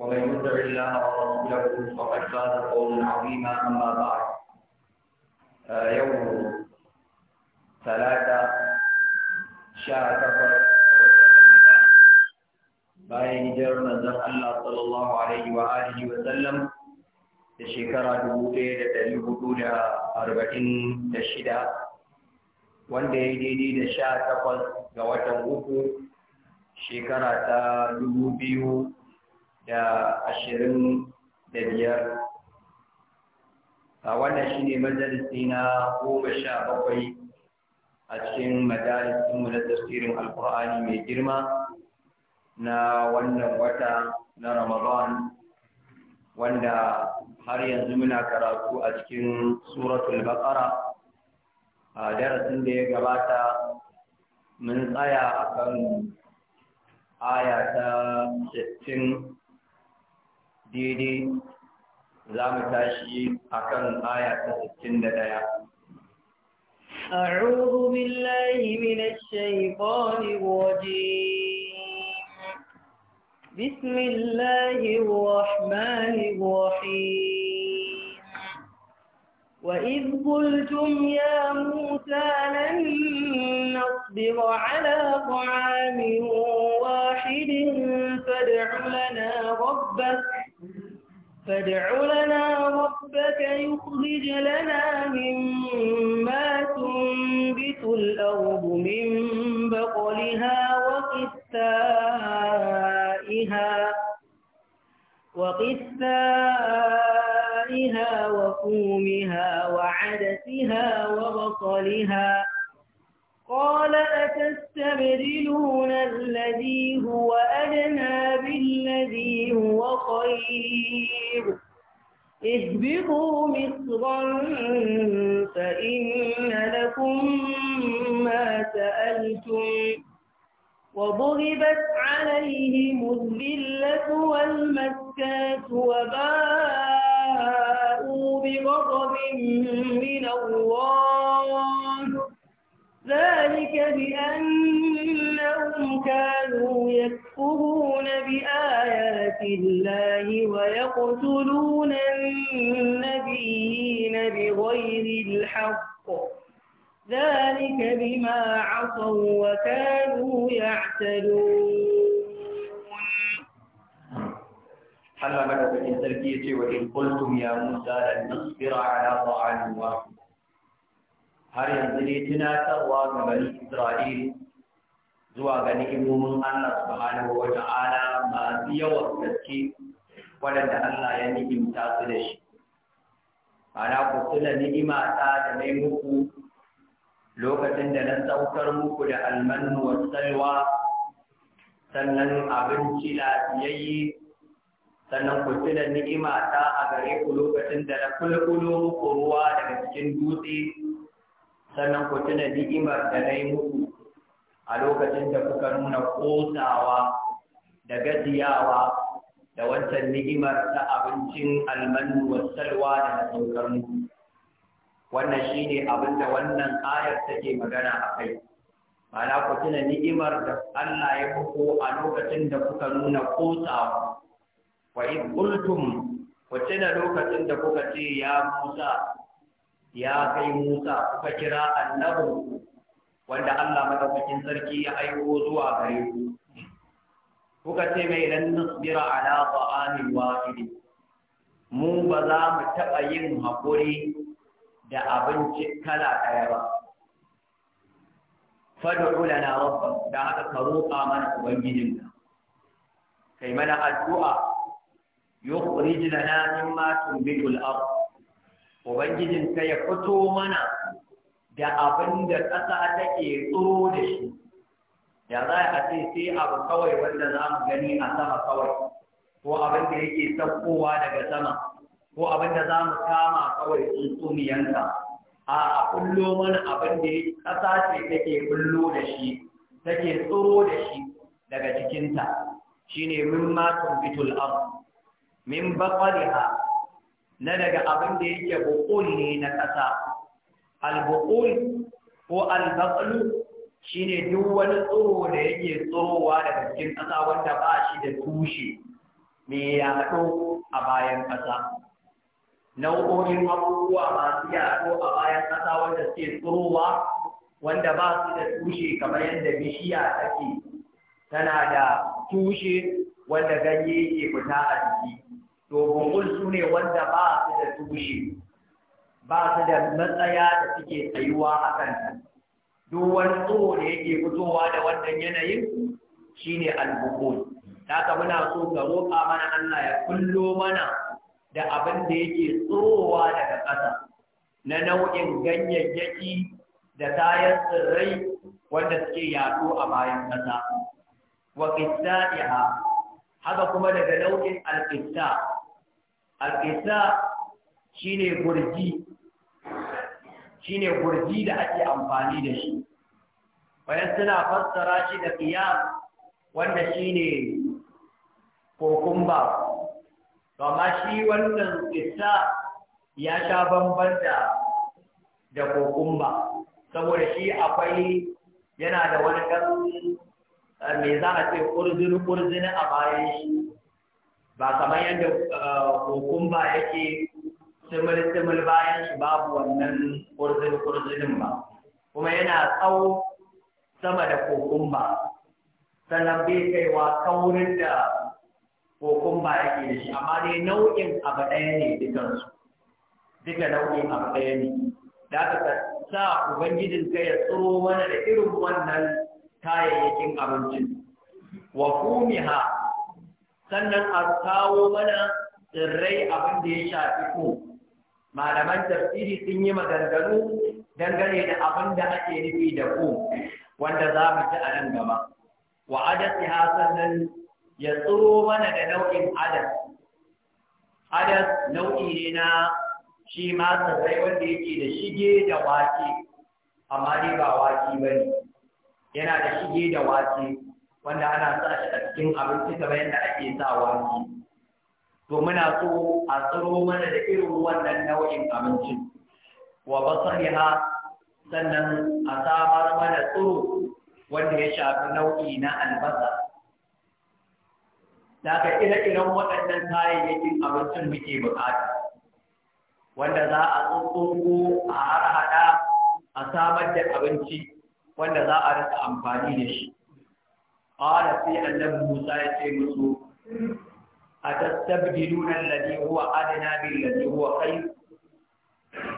ومن يطع الله ورسوله فقد فاز قولا عظيما اما بعد يوم ثلاثه شهر bayan hijirar manzon Allah sallallahu alaihi wa alihi wa sallam da shekara wanda ya daidai da sha takwas ga watan uku shekara ta biyu da ashirin da biyar a wannan shi ne majalisi na goma sha bakwai a cikin majalisinmu na tafsirin alkur'ani mai girma na wannan wata na ramadan wanda har yanzu muna karatu a cikin suratul baqara a darasin da ya gabata mun tsaya a kan aya ta 60 daidai za mu tashi آية aya ta 61 أعوذ بالله من الشيطان الرجيم بسم الله الرحمن الرحيم وإذ قلتم يا موسى لن نصبر على طعام واحد فادع لنا ربك فادع لنا ربك يخرج لنا مما تنبت الأرض من بقلها وقثائها وقثائها وفومها وعدسها وبصلها قال أتستبدلون الذي هو أدنى بالذي هو خير اهبطوا مصرا فإن لكم ما سألتم وضربت عليهم الذلة والمسكات وباءوا بغضب من الله ذلك بأنهم كانوا يكفرون بآيات الله ويقتلون النبيين بغير الحق ذلك بما عصوا وكانوا يعتدون Allah بدأت sarki ya وإن قلتم يا موسى ya نصبر على nasbira ala har yanzu ne tunatarwa ga bani Isra'il zuwa ga ni'imomin Allah subhanahu wa ta'ala masu yawan gaske waɗanda Allah ya ni'imta su da shi. Ana ku suna ni'ima ta da mai muku lokacin da na saukar muku da almanu wa salwa sannan abinci lafiyayye sannan ku tuna ni'ima ta a gare ku lokacin da na kulkulo muku ruwa daga cikin dutse sannan ku tuna ni'imar da na yi muku a lokacin da kuka nuna ƙosawa da gajiyawa da wancan ni'imar ta abincin almanu wa salwa da na saukar wannan shine abin da wannan ayar take magana a kai ma'ana ku tuna ni'imar da Allah ya muku a lokacin da kuka nuna ƙosawa wa in qultum ku tuna lokacin da kuka ce ya Musa ya kai Musa kuka kira annabin wanda Allah madaukakin sarki ya aiko zuwa gare ku kuka ce mai lan nusbira ala ta'amin wahid mu ba za mu taɓa yin haƙuri da abinci kala ɗaya ba fad'u lana rabbak da haka ka roƙa mana ubangijinka kai mana addu'a yukhrij lana mimma tunbitu ardh ubangijin ta ya fito mana da abin da ƙasa take tsoro da shi da za a ce sai abu kawai wanda za mu gani a sama kawai ko abin da yake saukowa daga sama ko abin da za mu kama kawai tsuntsumiyanka a a kullo mana abin da ƙasa ce take kullo da shi take tsoro da shi daga cikinta shine min ma tumbitul ard min baqaliha na daga abin da yake buƙul ne na ƙasa albuƙul ko albaklu shi ne duk wani tsoro da yake tsorowa daga cikin ƙasa wanda ba shi da tushe mai yaɗo a bayan ƙasa nau'o'in abubuwa masu yaɗo a bayan ƙasa wanda suke tsorowa wanda ba su da tushe kamar yadda bishiya take tana da tushe wanda ganye ke fita a jiki to su ne wanda ba su da tushe ba su da matsaya da suke tsayuwa a kan duk wani tsoho da yake fitowa da wannan yanayin shine al-bungul haka muna so ga roƙa mana Allah ya kullo mana da abin da yake tsowa daga ƙasa na nau'in ganyayyaki da kayan tsirrai wanda suke yaɗo a bayan ƙasa wa qissaiha haka kuma daga nau'in alƙisa alƙisa shi ne gurji da ake amfani da shi bayan suna fassara shi da fiya wanda shi ne kokumba amma shi wannan ƙisa ya sha bamban da da kokumba saboda shi akwai yana da wani ɗan eh, mai za a ce ƙurzini a bayan shi ba kamar yadda uh, kokumba yake simul-simul bayan shi babu wannan kurzin ba kuma yana tsawo sama da kokumba sannan bai kaiwa kaurin da kokumba yake da shi amma dai nau'in abu ɗaya ne dukansu duka nau'in abu ɗaya ne da aka sa ubangijin ka ya tsoro mana da irin wannan kayayyakin abincin wa ha? sannan a kawo mana tsirrai abin da ya shafi ko malaman tafsiri sun yi maganganu dangane da abin da ake nufi da ko wanda za mu ci a nan gaba wa adasi ha sannan ya tsoro mana da nau'in adas adas nau'i ne na shi ma tsirrai wanda yake da shige da wake amma dai ba wake ba ne yana da shige da wake wanda ana sa shi a cikin abinci kamar yadda ake sa wani, to muna so a tsaro mana da irin wannan nau'in abincin wa ha sannan a samar mana tsiro wanda ya shafi nau'i na albasa daga ire-iren waɗannan kayayyakin abincin muke buƙata, wanda za a tsotsoko a harhaɗa a samar da abinci wanda za a rika amfani da shi ƙara sai annabi musa ya ce musu a tattabdiluna alladhi huwa adna bil ladhi huwa khayr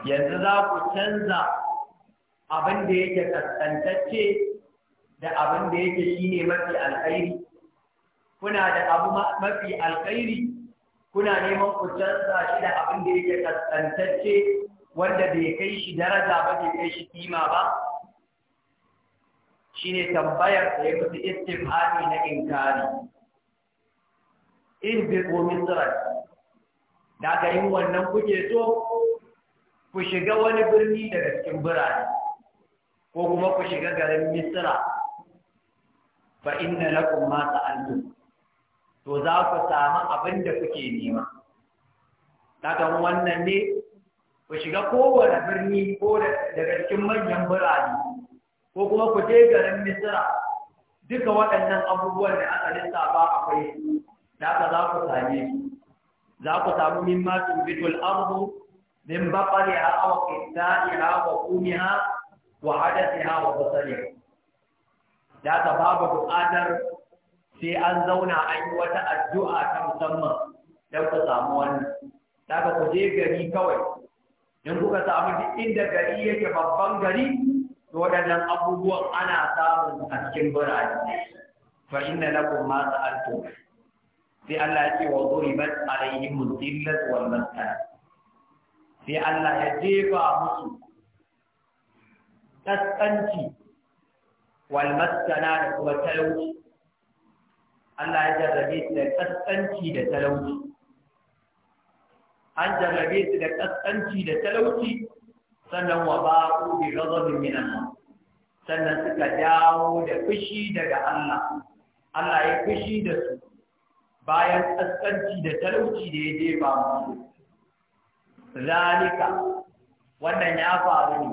yanzu za ku canza abin da yake kaskantacce da abin da yake shine mafi alkhairi kuna da abu mafi alkhairi kuna neman ku canza shi da abin da yake kaskantacce wanda bai kai shi daraja ba bai kai shi kima ba Shi ne tambayar da ya fi istifhami na inkari in bi komin tsirar da ka yi wannan kuke so ku shiga wani birni daga cikin birane ko kuma ku shiga garin misira fa inna lakum ma sa'altum to za ku samu abin da kuke nema daga wannan ne ku shiga kowane birni ko daga cikin manyan birane ko kuma ku je garin misira duka waɗannan abubuwan da aka lissafa akwai da aka za ku same su za ku samu min ma tumbitul ardu min baqaliha aw qithaiha wa qumiha wa hadathiha wa basaliha da aka babu buƙatar sai an zauna an yi wata addu'a ta musamman don ku samu wannan da aka ku je gari kawai in kuka samu duk inda gari yake babban gari to waɗannan abubuwan ana samun a cikin birane fa inna lakum ma sa'altum sai Allah ya ce wa duribat alaihim dhillat wal maskan sai Allah ya jefa musu kaskanci wal maskana da kuma talauci Allah ya jarrabe su da kaskanci da talauci an jarrabe su da kaskanci da talauci sannan wa ba'u bi ghadabin min Allah sannan suka dawo da fushi daga Allah Allah ya fushi da su bayan kaskanci da talauci da ya jefa musu zalika wannan ya faru ne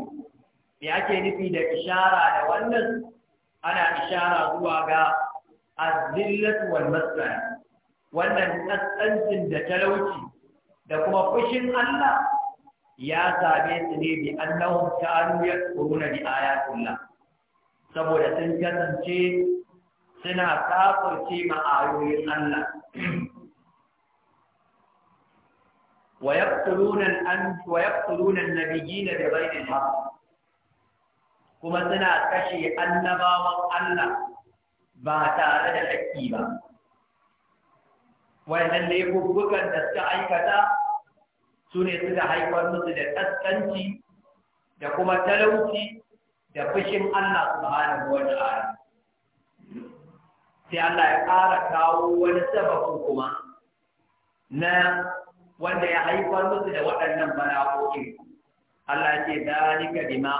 me ake nufi da ishara da wannan ana ishara zuwa ga azzillatu wal maskan wannan kaskancin da talauci da kuma fushin Allah ya same su ne bi annahum kanu yadkuruna bi ayatillah saboda sun kasance suna kafirce ma ayoyin Allah wa yaqtuluna an wa yaqtuluna an-nabiyina bi ghairi al-haqq kuma suna kashe annabawan Allah ba tare da hakki ba wayannan ne bubbukan da suka aikata su ne suka haifar musu da kaskanci da kuma talauci da fushin Allah Su subhanahu wa ta'ala sai Allah ya ƙara kawo wani sababin kuma na wanda ya haifar musu da waɗannan bala'o'in Allah ce ni dima bima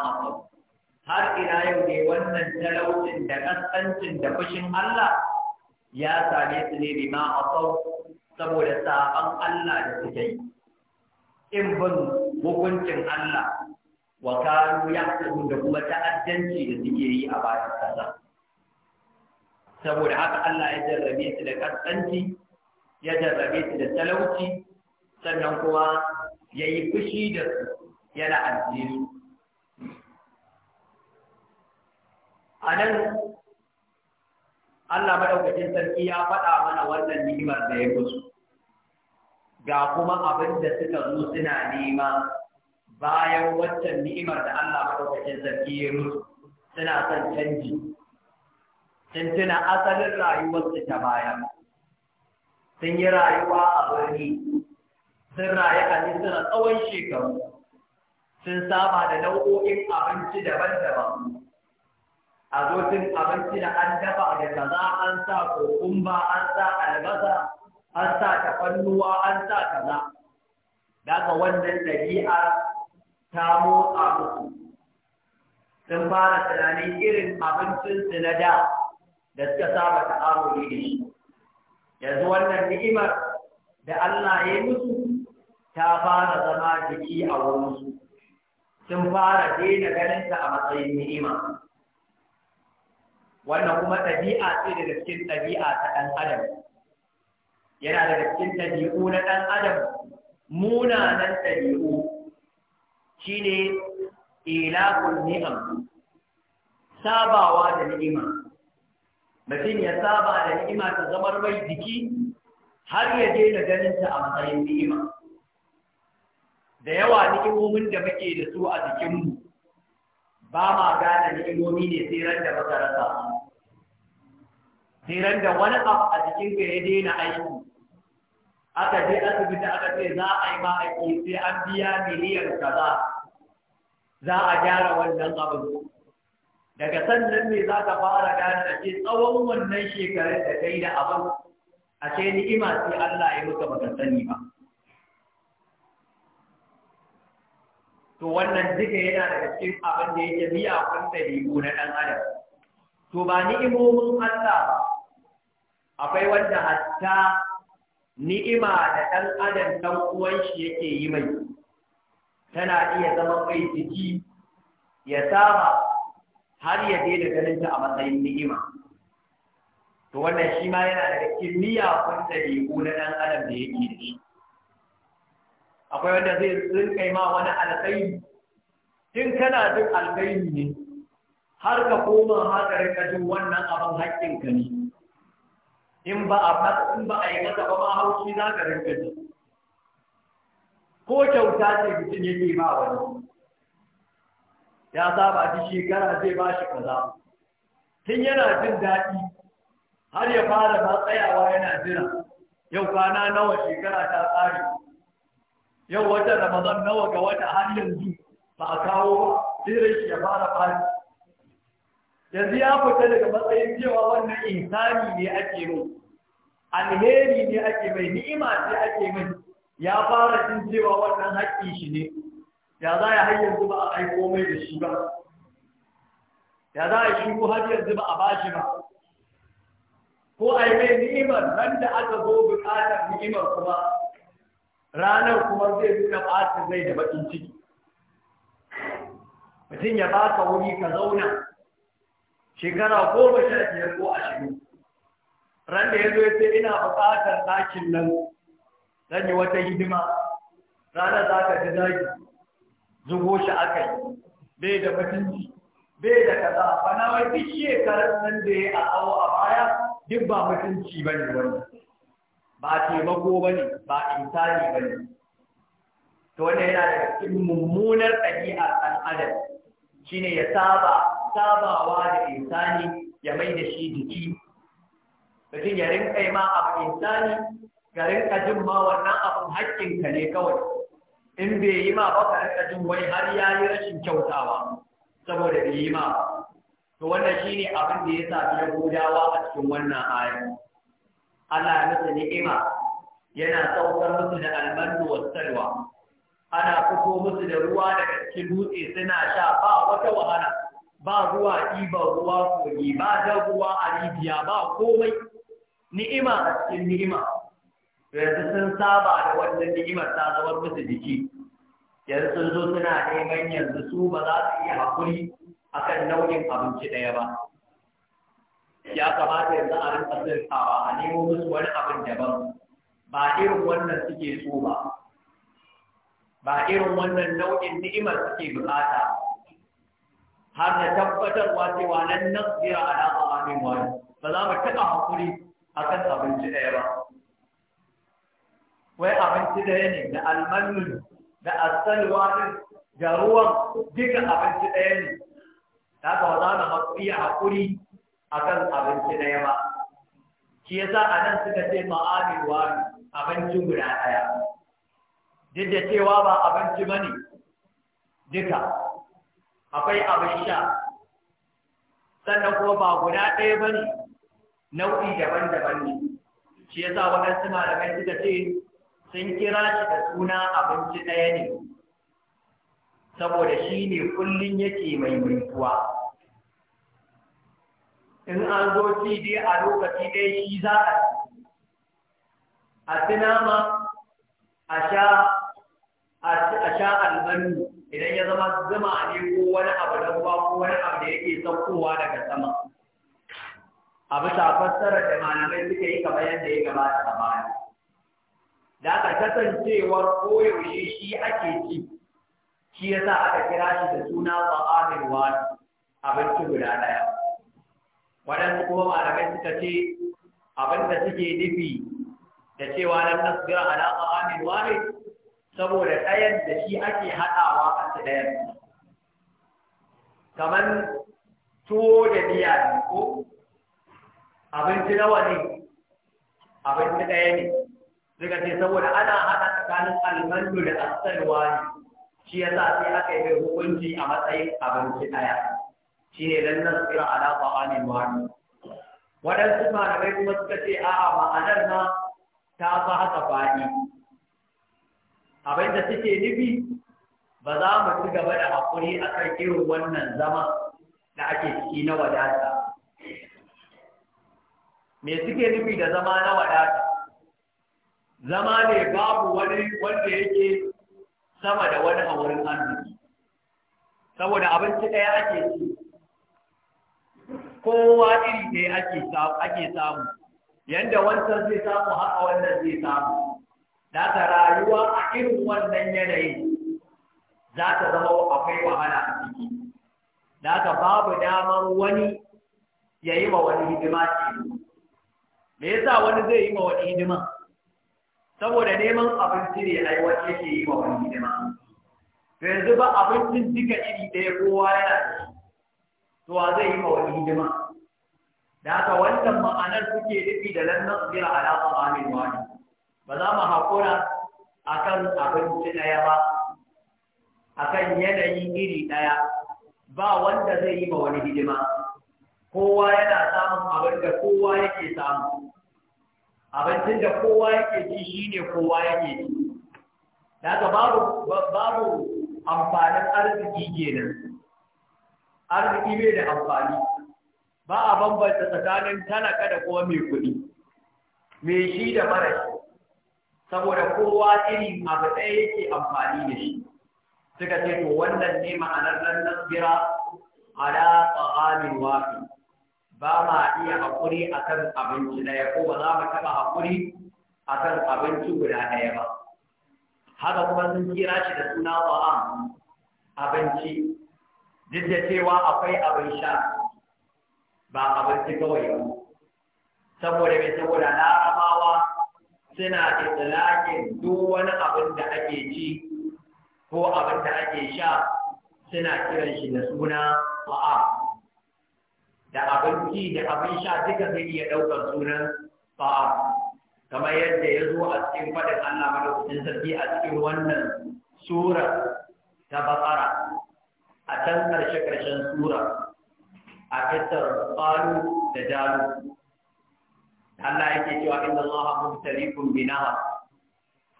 har ina yau ne wannan talaucin da ƙasƙancin da fushin Allah ya same su ne bima saboda saban Allah da suke yi in ban hukuncin Allah wa kanu yaqtadun da kuma ta'addanci da suke yi a bayan kasa saboda haka Allah ya jarrabe su da kaskanci ya jarrabe su da talauci sannan kuma ya yi fushi da su yana addini a nan Allah maɗaukacin sarki ya faɗa mana wannan ni'imar da ya musu ga kuma abin da suka zo suna nema bayan waccan ni'imar da Allah madaukakin sarki ya musu suna son canji sun tuna asalin rayuwarsu ta baya sun yi rayuwa a birni sun rayu a nisira tsawon shekaru sun saba da nau'o'in abinci daban-daban a zo abinci da an dafa da kaza an sa kokumba an sa albasa an sa tafannuwa an sa kaza daga wannan ɗabi'a ta motsa musu sun fara tunanin irin abincinsu na da da suka saba ta'amuli da shi yanzu wannan ni'imar da Allah ya yi musu ta fara zama jiki a wurinsu sun fara daina ganinta a matsayin ni'ima wannan kuma ɗabi'a ce da cikin ɗabi'a ta ɗan adam yana daga cikin tabi'u na ɗan adam munanan shi ne ilakun ni'am sabawa da ni'ima mutum ya saba da ni'ima ta zamar mai jiki har ya daina ganin ta a matsayin ni'ima da yawa ni'imomin da muke da su a jikinmu ba ma gane ni'imomi ne tseren da sai tseren da wani abu a jikinka ya daina aiki aka je asibiti aka ce za a yi ma sai an biya miliyan kaza za a gyara wannan abin daga sannan ne za ka fara gane a ce tsawon wannan shekarun da kai da abin a ce ni'ima sai Allah ya muka baka sani ba to wannan duka yana daga cikin abin da yake biya kun ribu na ɗan adam to ba ni'imomin Allah ba akwai wanda hatta ni'ima da ɗan adam ɗan uwan shi yake yi mai tana iya zama mai jiki ya saba har ya daina ganin ta a matsayin ni'ima to wannan shi ma yana da cikin miyagun ɗabi'u na ɗan adam da yake da shi akwai wanda zai rinka ma wani alkhairi tun kana jin alkhairi ne har ka koma haka rinka jin wannan abin haƙƙinka ne in ba a fata in ba a yi kasa ba ma hauki za ka rinka ji ko kyauta ce mutum yake ma wani ya saba ji shekara zai ba shi kaza tun yana jin daɗi har ya fara ba tsayawa yana jira yau kwana nawa shekara ta tsari yau wata ramadan nawa ga wata har yanzu ba a kawo ba ya fara fari yanzu ya fita daga matsayin cewa wannan insani ne ake mai alheri ne ake mai ni'ima ce ake mai ya fara jin cewa wannan haƙƙi shi ne ya za ya hanyar zuba a aiko mai da shi ba ya za a shigo har yanzu ba a bashi ba ko a yi mai ni'imar nan da aka zo buƙatar ni'imar kuma ranar kuma zai nuna ɓata zai da baƙin ciki mutum ya baka wuri ka zauna shekara goma sha biyar ko ashirin ran da ya zo ya ce ina buƙatar ɗakin nan zan yi wata hidima Rana za ka ji zagi zubo shi aka yi bai da mutunci bai da kaza bana wai duk shekarar nan da ya a awo a baya duk ba mutunci ba ne wani ba taimako ba ne ba intani ba ne to wannan yana da cikin mummunar ɗabi'ar al'adar shine ya saba sabawa da insani ya mai da shi jiki mutum ya rinka ma abu insani ga rinka jin ma wannan abin haƙƙinka ne kawai in bai yi ma ba ka rinka jin wai har ya yi rashin kyautawa saboda bai yi ma to wannan shine abin da ya sami yahudawa a cikin wannan aya Allah ya musu ni'ima yana saukar musu da almandu salwa. ana fito musu da ruwa daga cikin dutse suna sha ba wata wahala ba ruwa ɗiban ruwa kogi ba da ruwa a Libya, ba komai ni'ima a cikin ni'ima yanzu sun saba da wannan ni'imar ta zama musu jiki yanzu sun zo suna neman yanzu su ba za su iya haƙuri kan nau'in abinci ɗaya ba ya kamata yanzu a rinka sirkawa a nemo musu wani abin daban ba irin wannan suke so ba ba irin wannan nau'in ni'imar suke bukata har na tabbatarwa cewa nan a ɗan amin wani ba za mu taɓa hakuri kan abinci ɗaya ba wai abinci ɗaya ne da almanin da asalwa din da ruwan duka abinci ɗaya ne ta ga za mu iya hakuri kan abinci ɗaya ba shi sa a nan suka ce ma'amin wani abinci guda ɗaya duk da cewa ba abinci ba ne duka akwai abin sha sannan kuma ba guda ɗaya ba ne nau'i daban-daban ne shi ya sa waɗansu malamai suka ce sun kira shi da suna abinci ɗaya ne saboda shi ne kullum yake mai mintuwa in an zo ci dai a lokaci ɗaya shi za a ci a tunama, a sha a sha albanu idan ya zama zama ne ko wani abu da ruwa ko wani abu da yake saukowa daga sama a bisa fassara da malamai suka yi kamar yadda ya gabata a baya da aka kasancewar koyaushe shi ake ci shi ya sa aka kira shi da suna tsa'amin wani abinci guda ɗaya waɗansu kuma malamai suka ce abin da suke nufi da cewa lam nasbira ala ta'amin ne? saboda ɗayan da shi ake haɗawa a su ɗayan kamar tuwo da miya ko abinci nawa ne abinci ɗaya ne suka ce saboda ana haɗa tsakanin almandu da asalwa ne shi ya sa sai aka yi hukunci a matsayin abinci ɗaya shi ne don nan tsira ala ƙwa'ani ma'ani waɗansu malamai kuma suka ce a'a ma'anar ma ta fa haka faɗi abinda suke nufi ba za mu ci gaba da haƙuri a kan irin wannan zama da ake ciki na wadata me suke nufi da zama na wadata zama ne babu wani wanda yake sama da wani a wurin arziki saboda abinci ɗaya ake ci kowa iri ɗaya ake samu yadda wancan zai samu haka wannan zai samu da ta rayuwa a irin wannan yanayin za ta zama akwai wahala a ciki da ka babu damar wani ya yi wani hidima ce me yasa wani zai yi ma wani hidima saboda neman abinci ne ai wace yake yi ma wani hidima to yanzu ba abincin duka iri ɗaya kowa yana shi to wa zai yi ma wani hidima da haka wannan ma'anar kuke nufi da lannan tsira alaƙa amin wani ba za mu haƙura a kan abinci ɗaya ba a kan yanayi iri ɗaya ba wanda zai yi ma wani hidima kowa yana samun abin da kowa yake samu abincin da kowa yake ci shi ne kowa yake ci daga babu babu amfanin arziki kenan arziki bai da amfani ba a bambanta tsakanin talaka da kuma mai kuɗi mai shi da mara shi saboda kowa irin abu ɗaya yake amfani da shi suka ce to wannan ne ma'anar nan nasbira ala ta'amin wafi ba ma iya haƙuri akan abinci ɗaya ko ba za mu taɓa haƙuri akan abinci guda ɗaya ba haka kuma sun kira shi da suna ta'am abinci duk da cewa akwai abin sha ba abinci kawai ba saboda mai saboda na suna itlaqin duk wani abin da ake ci ko abin da ake sha suna kiran shi da suna ba'a da abinci da abin sha duka zai iya ɗaukar sunan fa'a. kamar yadda ya zo a cikin faɗin Allah madaukakin sarki a cikin wannan sura ta bakara a can ƙarshe karshen sura a fitar ƙalu da jalu Allah yake cewa inna Allah mubtaliikum binaha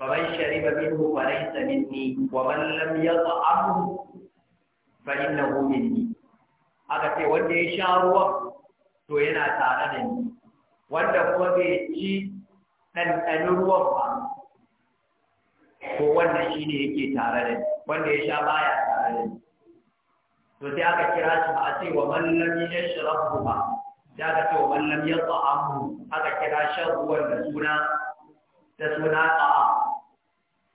faman shariba minhu falaysa minni wa man lam yata'amhu fa innahu minni aka ce wanda ya sha ruwa to yana tare da ni wanda kuma bai ci ɗanɗanin ruwan ba ko wannan shine yake tare da ni wanda ya sha baya tare da ni to sai aka kira shi a ce wa man lam yashrabhu ba da aka ce wa mallam ya tsa'amu aka kira shan ruwan da suna da suna tsa'a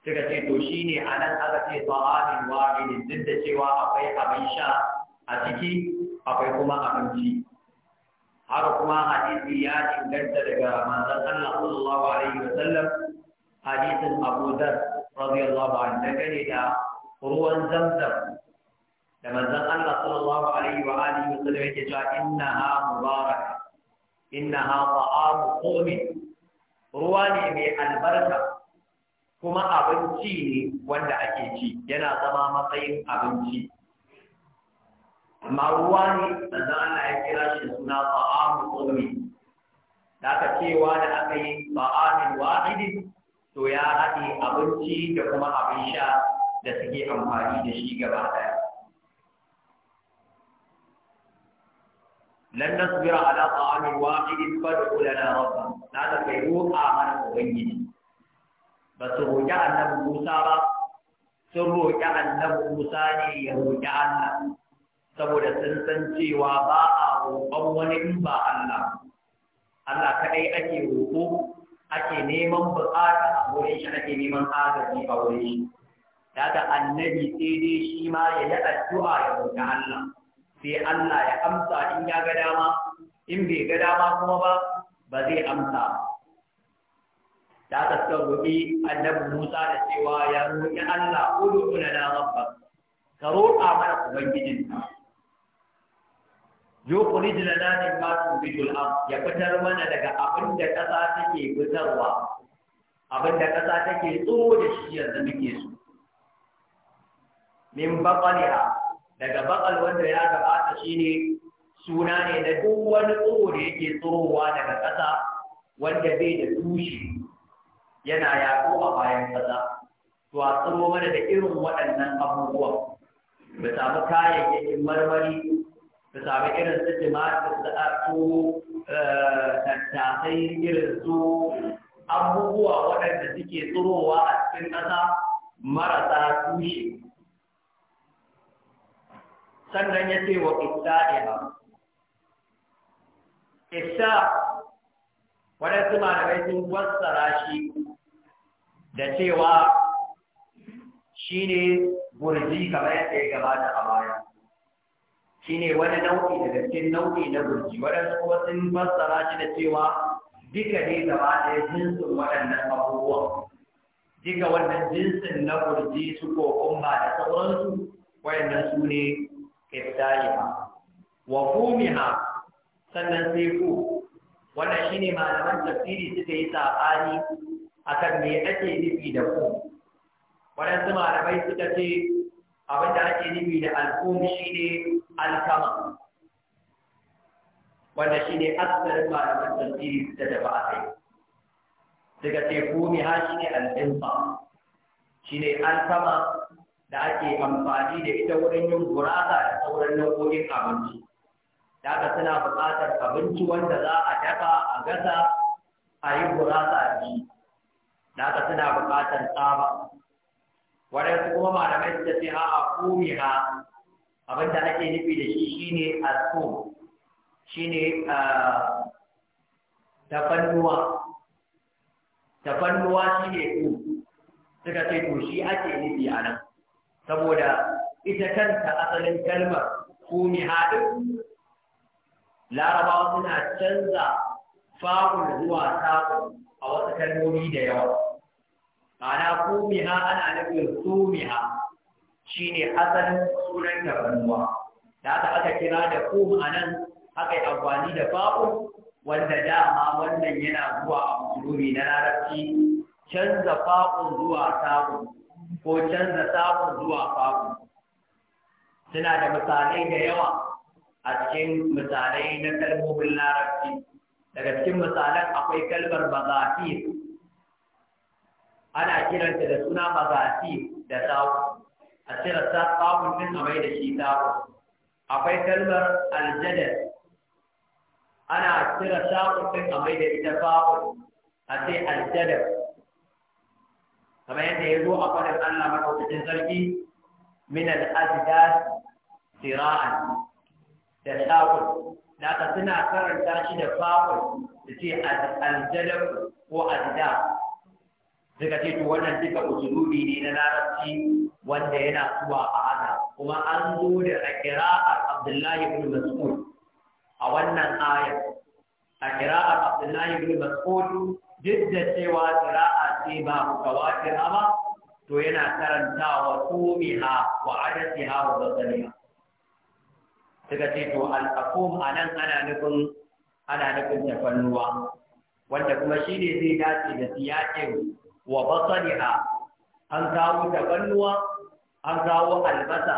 suka ce to shi ne a nan aka ce tsa'amin wa'idin duk da cewa akwai abin sha a ciki akwai kuma abinci haka kuma hadisi ya inganta daga manzon Allah sallallahu alaihi wa sallam hadisin Abu Dhar radiyallahu anhu da gane da ruwan zamzam da manzon Allah sallallahu alaihi wa alihi wa sallam yake cewa innaha mubaraka innaha ta'amu qawmin ruwa ne mai albarka kuma abinci ne wanda ake ci yana zama matsayin abinci amma ruwa ne manzon Allah ya kira shi suna ta'amu qawmin da aka cewa da aka yi ba'amin wa'idin to ya haɗe abinci da kuma abin sha da suke amfani da shi gaba ɗaya. lan nasbira ala ta'amin wahidin fad'u lana rabbak na da kai roƙa mana ubangiji ba su roƙi annabi Musa ba sun roƙi annabi Musa ne ya roƙi Allah saboda sun san cewa ba a roƙon wani in ba Allah Allah kaɗai ake roƙo ake neman buƙata a wurin shi ake neman agaji a wurin shi daga annabi sai dai shi ma ya yi addu'a ya roƙi Allah sai Allah ya amsa in ya ga dama in bai ga dama kuma ba ba zai amsa da aka suka annabi Musa da cewa ya roƙi Allah udu na rabba ka roƙa mana ubangijin ka yo qulid lana min ma tubidul am ya fitar mana daga abin da ƙasa take fitarwa abin da ƙasa take tsoro da shi yanzu muke so min baqaliha daga bakal wanda ya gabata shine suna ne da duk wani tsoro da yake tsirowa daga ƙasa wanda bai da tushe yana yaƙo a bayan ƙasa to a tsiro mana da irin waɗannan abubuwan mu samu kayayyakin marmari mu samu irin su tumatir da su eh, tattasai irin su abubuwa waɗanda suke tsirowa a cikin ƙasa marasa tushe sannan ya ce wa ifsa'iha ifsa waɗansu malamai sun fassara shi da cewa shi ne gurji kamar yadda ya gabata a baya shi ne wani nau'i daga cikin nau'i na burji waɗansu kuma sun fassara shi da cewa duka ne gaba ɗaya jinsin waɗannan abubuwan duka wannan jinsin na gurji su ko kumba da sauransu waɗannan su ne ibtaiha wa qumiha sannan sai ku wannan shine malaman tafsiri suka yi sabani akan me ake nufi da ku waɗansu malamai suka ce abin da ake nufi da alkum shine alkama wanda shine asalin malaman tafsiri a kai suka ce shine shine alkama da ake amfani da ita wurin yin gurasa da sauran nau'o'in abinci. Da aka suna buƙatar abinci wanda za a dafa a gasa a yi gurasa a ci. Da aka suna buƙatar tsaba. su kuma malamai su tafi a kumi ha abin da ake nufi da shi shine ne shine ah, tafannuwa tafannuwa shine ku suka ce to shi ake nufi a nan saboda ita kanta asalin kalmar kumi haɗin larabawa suna canza fa'ul zuwa saƙo a wasu kalmomi da yawa ma'ana kumi ha ana nufin sumi ha shi ne asalin sunan tafarnuwa da aka aka kira da kum a nan aka yi amfani da fa'ul wanda dama wannan yana zuwa a musulmi na larabci canza fa'ul zuwa saƙo. ko canza samun zuwa famu suna da misalai da yawa a cikin misalai na kalmomin larabci daga cikin misalan akwai kalmar mazafi ana kiranta da suna mazafi da sawu a cire sawun din a mai da shi sawu akwai kalmar aljadar ana cire sawun din a mai da ita sawu a ce aljadar Kama yadda ya zo a faɗin Allah maɗaukakin sarki min al-azdas sira'an da sa'ul da ka suna karanta shi da fa'ul da ce al-jalab ko azda suka ce to wannan duka usulubi ne na larabci wanda yana zuwa a haka kuma an zo da kira'ar Abdullahi ibn Mas'ud a wannan aya a kira'ar Abdullahi ibn Mas'ud duk da cewa kira'a ce ba mutawatir ba to yana karantawa tumiha wa adatiha wa basaliha suka ce to al-aqum anan ana nufin ana nufin tafannuwa wanda kuma shi ne zai dace da siyakin wa basaliha an kawo tafannuwa an kawo albasa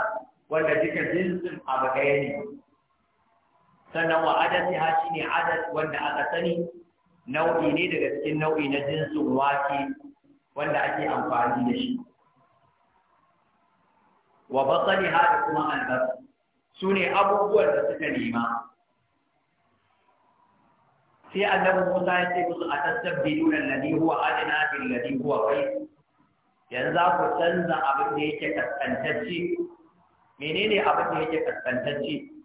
wanda duka jinsin abu ɗaya ne sannan wa adatiha shine adat wanda aka sani nau'i ne daga cikin nau'i na jinsin wake wanda ake amfani da shi wa basali da kuma albasa su ne abubuwan da suka nema sai annabi Musa ya ce musu a tasabbiluna alladhi huwa adna bil ladhi huwa kai. yanzu za ku canza abin da yake kaskantacce menene abin da yake kaskantacce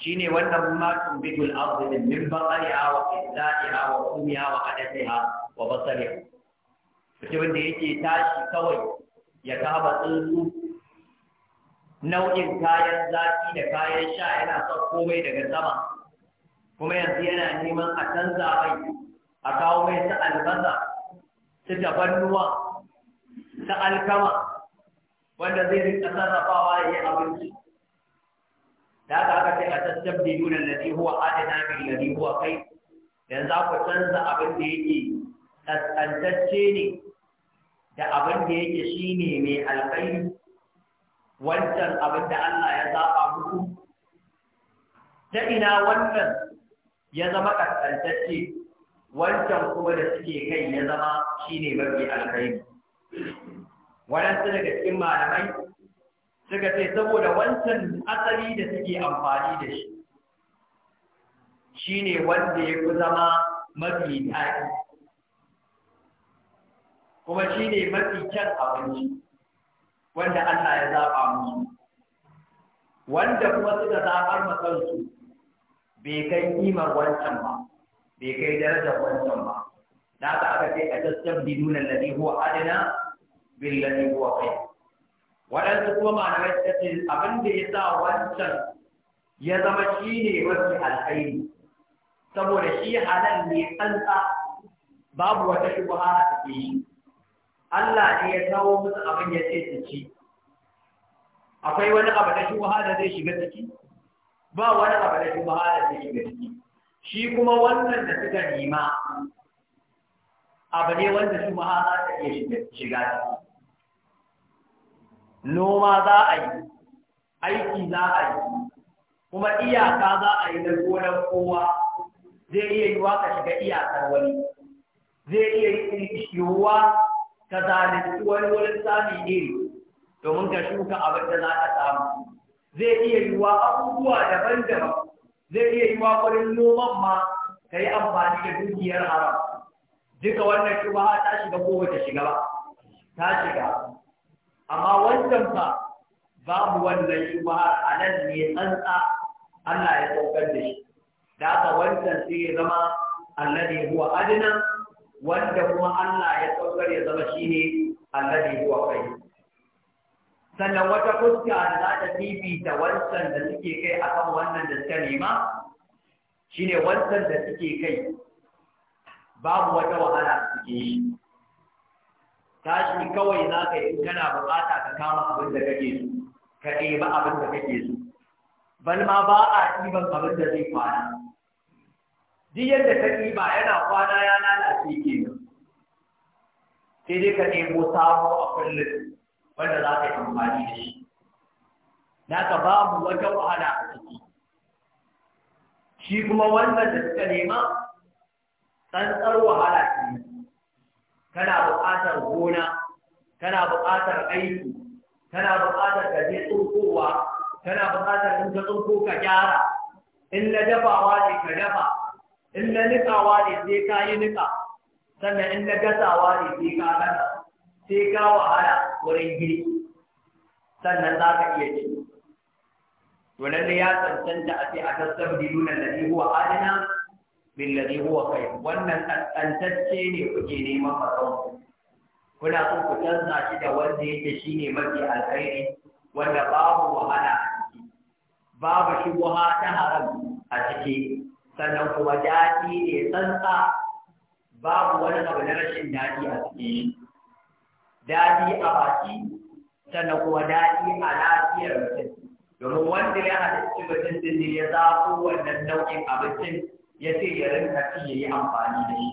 Shi ne wannan matun bidul ardi min baqariha wa qiddaiha wa qumiha wa hadathiha wa basariha mutumin da yake tashi kawai ya kama tsuntsu nau'in kayan zaki da kayan sha yana son komai daga sama kuma yanzu yana neman a canza mai a kawo mai su albasa su tafannuwa su alkama wanda zai rinka sarrafawa ya yi abinci da haka aka ce a tattabdilu na ladhi huwa adana min ladhi huwa kai yanzu ku canza abin da yake tsantacce ne da abin da yake shine mai alƙairi wancan abin da Allah ya zaɓa muku ta ina wannan ya zama ƙasƙantacce wancan kuma da suke kai ya zama shine mafi alƙairi waɗansu daga cikin malamai suka ce saboda wancan asali da suke amfani da shi shine wanda ya fi zama mafi daɗi kuma shine mafi kyan abinci wanda Allah ya zaɓa musu wanda kuma suka zaɓar masansu bai kai ƙimar wancan ba bai kai darajar wancan ba da aka ce a tasabbi nuna lalli huwa adana bin lalli huwa kai waɗansu kuma malamai suka ce abin da ya sa wancan ya zama shi ne wasu alkhairi saboda shi halal ne tsantsa babu wata shubha a cikin shi Allah ne ya kawo musu abin ya ce su ci akwai wani abu da shubha da zai shiga ciki ba wani abu da shubha da zai shiga ciki shi kuma wannan da suka nima abu ne wanda shubha za ta iya shiga ciki noma za a yi aiki za a yi kuma iyaka za a yi na gonar kowa zai iya wa ka shiga iyakar wani zai iya yi yiwa ka zalunci wani wurin sami iri domin ka shuka abin da za ka samu zai iya wa abubuwa daban-daban zai iya wa wurin noman ma ka yi amfani da dukiyar haram duka wannan shubaha ta shiga ko shiga ba ta shiga amma wancan fa babu wannan shubha a nan ne tsantsa Allah ya saukar da shi da aka wancan sai ya zama alladhi huwa adna wanda kuma Allah ya saukar ya zama shine alladhi huwa kai sannan wata fuska da za ta fifita wancan da suke kai kan wannan da suka nema ne wancan da suke kai babu wata wahala suke yi tashi kawai za ka yi kana bukata ka kama abin da kake so ka ɗeba abin da kake so bal ma ba a ɗiban abin da zai kwana duk yadda ka ɗiba yana kwana ya lalace ke nan sai dai ka ɗebo sabo a kullum wanda za ka yi amfani da shi na ka mu wata wahala a ciki shi kuma wannan da suka nema tsantsar wahala ke nan kana buƙatar gona kana buƙatar aiki kana buƙatar ka je tsokowa kana buƙatar in ka tsoko ka gyara in na dafawa ne ka dafa in na niƙawa ne sai ka yi niƙa sannan in na gasawa ne sai ka gasa sai ka wahala wurin gini, sannan za ka iya ci to lalle ya cancanta a ce a nuna da ladhi huwa adina billadi huwa kai wannan kaskantacce ne kuke neman fasan kuna so ku canza shi da wanda yake shine mafi alkhairi wanda babu wahala a ciki babu shubuha ta haram a ciki sannan kuma daɗi ne tsantsa babu wani abu na rashin daɗi a ciki daɗi a baki sannan kuma daɗi a lafiyar mutum domin wanda ya halarci mutum din ne ya zaɓo wannan nau'in abincin ya ce ya rinka ci ya yi amfani da shi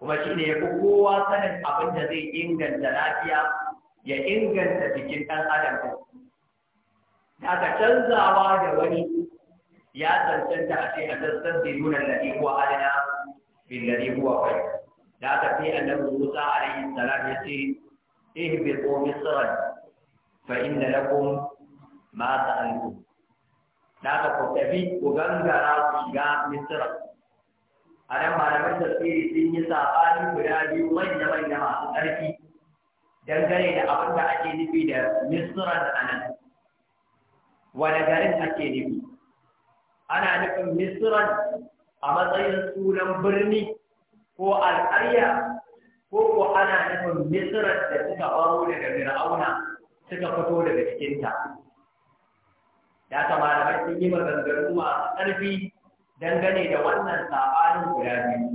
kuma shi ne ya fi kowa sanin abin da zai inganta lafiya ya inganta jikin ɗan adam ɗin daga canzawa da wani ya cancanta a ce a sassan da nuna lalli huwa adana bin lalli huwa kai da aka fi annabi musa alaihi salam ya ce ihbiqu misran fa inna lakum ma ta'alun da aka ku tafi ku gangara shiga Misira. A nan malaman tafsiri sun yi saɓani guda biyu manya-manya masu ƙarfi dangane da abin da ake nufi da Misira da anan. Wane garin ake nufi? Ana nufin Misiran a matsayin sunan birni ko al'arya ko ko ana nufin Misiran da suka baro daga Fir'auna suka fito daga cikinta. ya malamai sun yi maganganu masu ƙarfi dangane da wannan sabanin guda biyu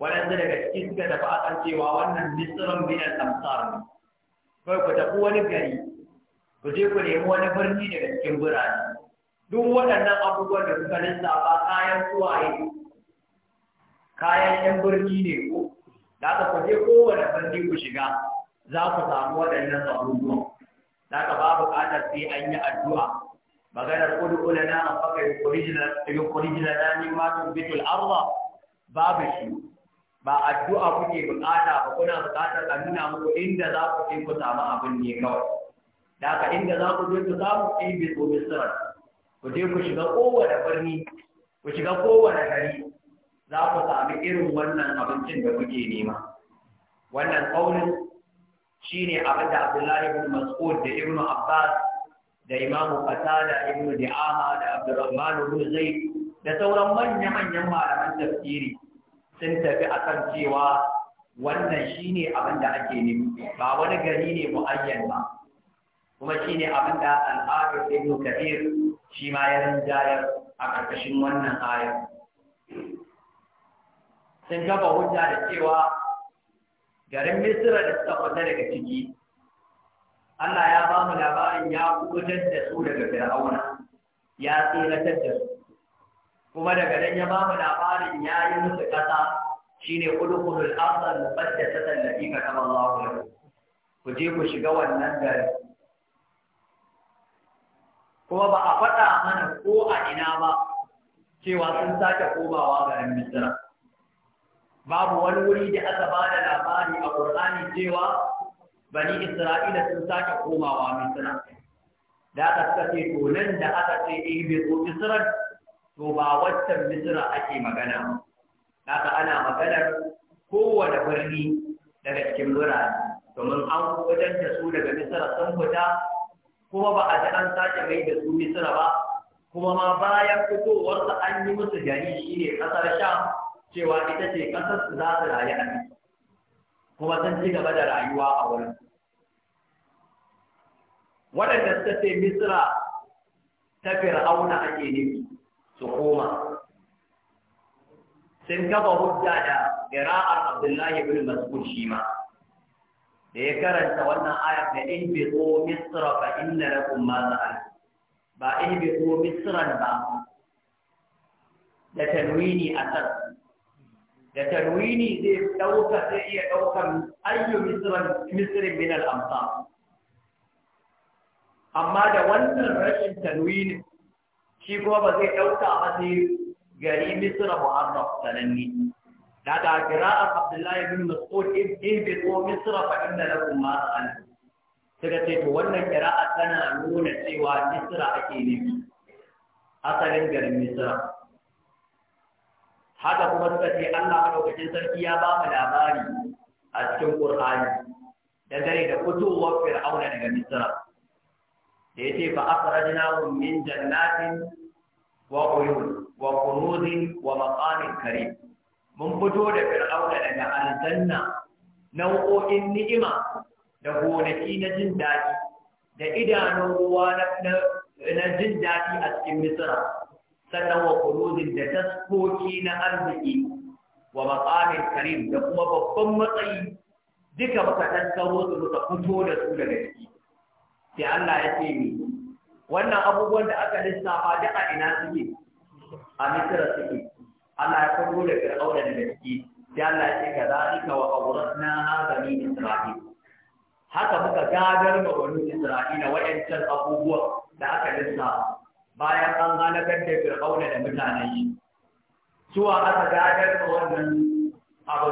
waɗanda daga cikin suka tafi kan cewa wannan misirin al amsar ne kai ku tafi wani gari ku je ku nemi wani birni daga cikin birane duk waɗannan abubuwan da kuka lissafa kayan suwaye kayan yan birni ne ko da aka je kowane birni ku shiga za ku samu waɗannan abubuwan da aka ba buƙatar sai an yi addu'a maganar ƙudu lana a faka yukuriji lana min matun bitul arwa babu shi ba addu'a kuke bukata ba kuna bukatar a nuna muku inda za ku je ku samu abin ne kawai da ka inda za ku je ku samu ibi ko misira ku je ku shiga kowane birni ku shiga kowane gari za ku sami irin wannan abincin da kuke nema wannan ƙaunin shine abin da abdullahi ibn mas'ud da ibn abbas da imamu qatada ibn di'ama da abdurrahman ibn zaid da sauran manya-manyan malaman tafsiri sun tafi akan cewa wannan shine abin da ake nufi ba wani gari ne muayyan ba kuma shine abin da al-hafiz ibn kathir shi ma ya rinjayar a ƙarƙashin wannan ayar sun gaba hujja da cewa garin misira da suka fita daga ciki Allah ya ba mu labarin ya kubutar da su daga fir'auna ya tsiratar da su kuma daga nan ya ba mu labarin ya yi musu ƙasa shine udkhulul ardal ta tallafi ga Allahu lakum ku je ku shiga wannan gari kuma ba a faɗa mana ko a ina ba cewa sun sake komawa garin Misra babu wani wuri da aka ba da labari a Qur'ani cewa bani isra'ila sun sake komawa misra da aka suka ce to nan da aka ce eh bai zo misra to ba waccan misra ake magana haka ana maganar kowane birni daga cikin birane domin an wajen da su daga misra sun fita kuma ba a ji an sake mai da su misra ba kuma ma bayan fitowarsa an yi musu gari ne ƙasar sha, cewa ita ce kasar su za su rayu a kuma sun ci gaba da rayuwa a wurin waɗanda suka ce misra ta fir'auna ake nufi su koma sun kafa hujja da ira'ar abdullahi bin mas'ud shi ma da ya karanta wannan ayar da in bi tso misra fa inna lakum ma za'al ba in bi tso misran ba da tanwini a kan da tarwini zai ɗauka zai iya ɗaukar ayyu misirin min al'amsa amma da wannan rashin tarwini shi kuma ba zai ɗauka ba sai gari misira mu'arraf sananni da da kira'ar abdullahi bin mas'ud in bi ko misira fa inna lakum ma an sai ce to wannan kira'a tana nuna cewa misira ake nufi asalin garin misira haka kuma suka ce Allah madaukakin sarki ya ba mu labari a cikin Qur'ani dangane da fitowar Fir'auna daga Misra da yace fa akhrajnahum min jannatin wa uyun wa kunuzin wa maqamin karim mun fito da Fir'auna daga aljanna nau'o'in ni'ima da gonaki na jin daɗi da idanun ruwa na jin daɗi a cikin Misra sannan wa kuludin da taskoki na arziki wa maqamin karim da kuma babban matsayi duka muka tattaro su muka fito da su daga ciki sai Allah ya ce ni wannan abubuwan da aka lissafa duk a ina suke a misira suke Allah ya fito da fir'auna daga ciki sai Allah ya ce ka zalika wa awratna bani isra'il haka muka gadar da bani isra'ila wa'ancan abubuwan da aka lissafa bayan an halakar da firkauna da mutane. yi suwa aka gadar da wannan abu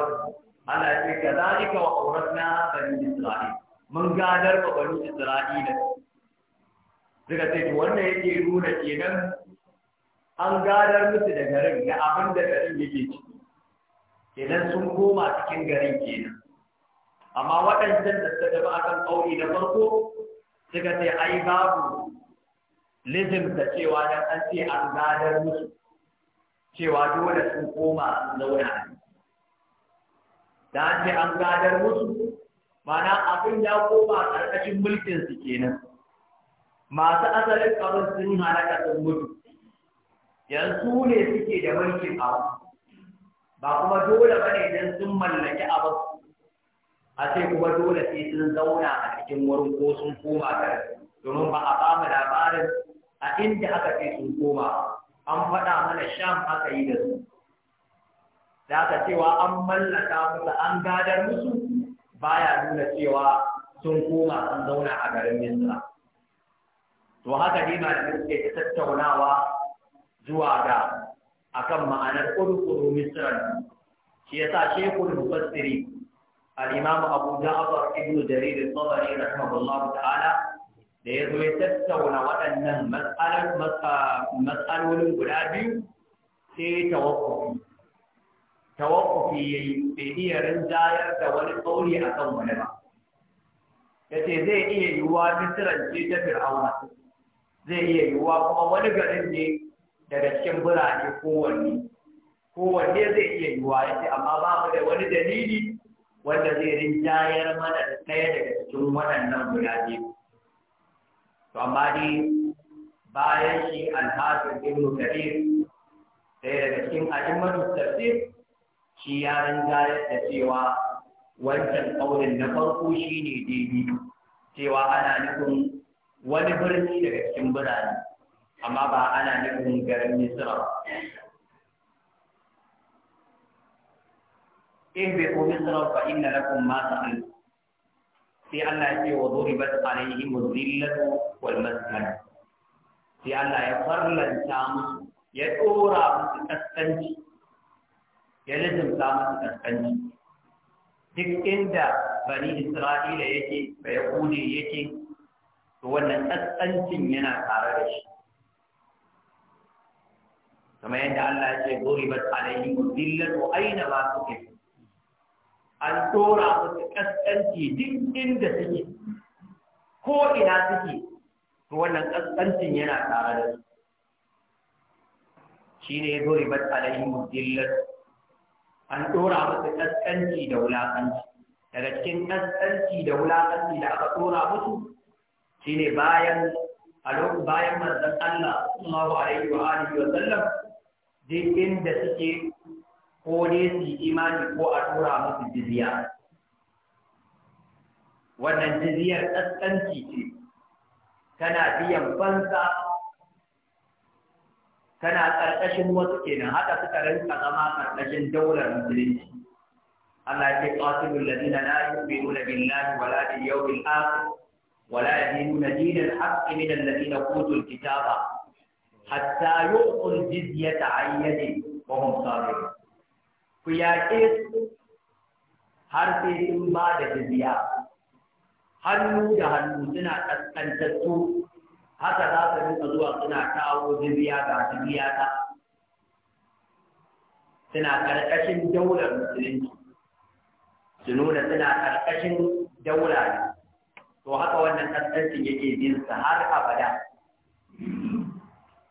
Allah ce ka zalika wa auratna bani Isra'il mun gadar da bani Isra'ila suka ce wannan yake nuna kenan an gadar musu da garin na abin da garin yake ci kenan sun koma cikin garin kenan amma waɗancan da suka tafi akan ƙauri na farko suka ce ai babu da cewa dan an ce an gadar musu cewa dole sun koma sun zauna da an ce an gadar musu mana abin ya koma ƙarƙashin mulkin su kenan masu asalin ƙarin sun halaka sun mutu yanzu ne suke da mulkin abu ba kuma dole ba ne don sun mallaki abu a ce kuma dole sai sun zauna a cikin wurin ko sun koma da domin ba a ba mu labarin a inda aka ce sun koma an faɗa mana sham aka yi da su da aka cewa an mallaka musu an gadar musu baya nuna cewa sun koma sun zauna a garin Misra to haka ne da suke ta tattaunawa zuwa ga akan ma'anar kurkuru Misra shi yasa shekul mufassiri al-imam Abu Ja'far ibn Jarir al-Tabari rahimahullah ta'ala da ya zo ya tattauna waɗannan matsalolin guda biyu sai tawakkufi tawakkufi ya yi bai iya rinjayar da wani tsauri a kan wani ba ya ce zai iya yiwuwa misiran ce ta fir'auna zai iya yiwuwa kuma wani garin ne daga cikin birane kowanne kowanne zai iya yiwuwa ya ce amma ba mu da wani dalili wanda zai rinjayar mana da ɗaya daga cikin waɗannan guda biyu to amma dai bayan shi alhassan ibn kabir ɗaya daga cikin a'immatu tafsir shi ya rinjayar da cewa wancan ƙaunin na farko shi ne daidai cewa ana nufin wani birni daga cikin birane amma ba ana nufin garin misira ba ihbiqu misra fa inna lakum masu sa'altum في الله يتي وضربت عليهم الذلة والمسكنة في الله يفر لنسام يتورا بتتسكنج يلزم سامة تتسكنج ديك اندى بني إسرائيل يتي فيقول يتي هو أن تتسكنج ينا تارش كما يتي الله يتي وضربت عليهم الذلة وأين ما تكفر an tora musu kaskanci duk inda suke ko ina suke to wannan kaskancin yana tare da su Shi ne shine yazo ribat alaihim dillat an tora musu kaskanci da wulakanci daga cikin kaskanci da wulakanci da aka tora musu shi ne bayan a lokacin bayan manzon Allah sallallahu alaihi wa alihi wa sallam duk inda suke ko dai su yi imani ko a tura musu jizya wannan jizyar ƙasƙanci ce tana biyan banza tana ƙarƙashin wasu kenan haka suka rinka zama ƙarƙashin daular musulunci Allah ya ce qatilul ladina la yu'minuna billahi wala bil yawmil akhir ولا يدينون دين الحق من الذين اوتوا الكتاب حتى يعطوا الجزية عن يد وهم صابرون ku yaƙe su har sai sun ba da jizya hannu da hannu suna ƙasƙantattu haka za su rinka zuwa suna kawo jizya ga jizya ta suna ƙarƙashin daular musulunci su nuna suna ƙarƙashin daula ne to haka wannan ƙasƙancin yake bin su har abada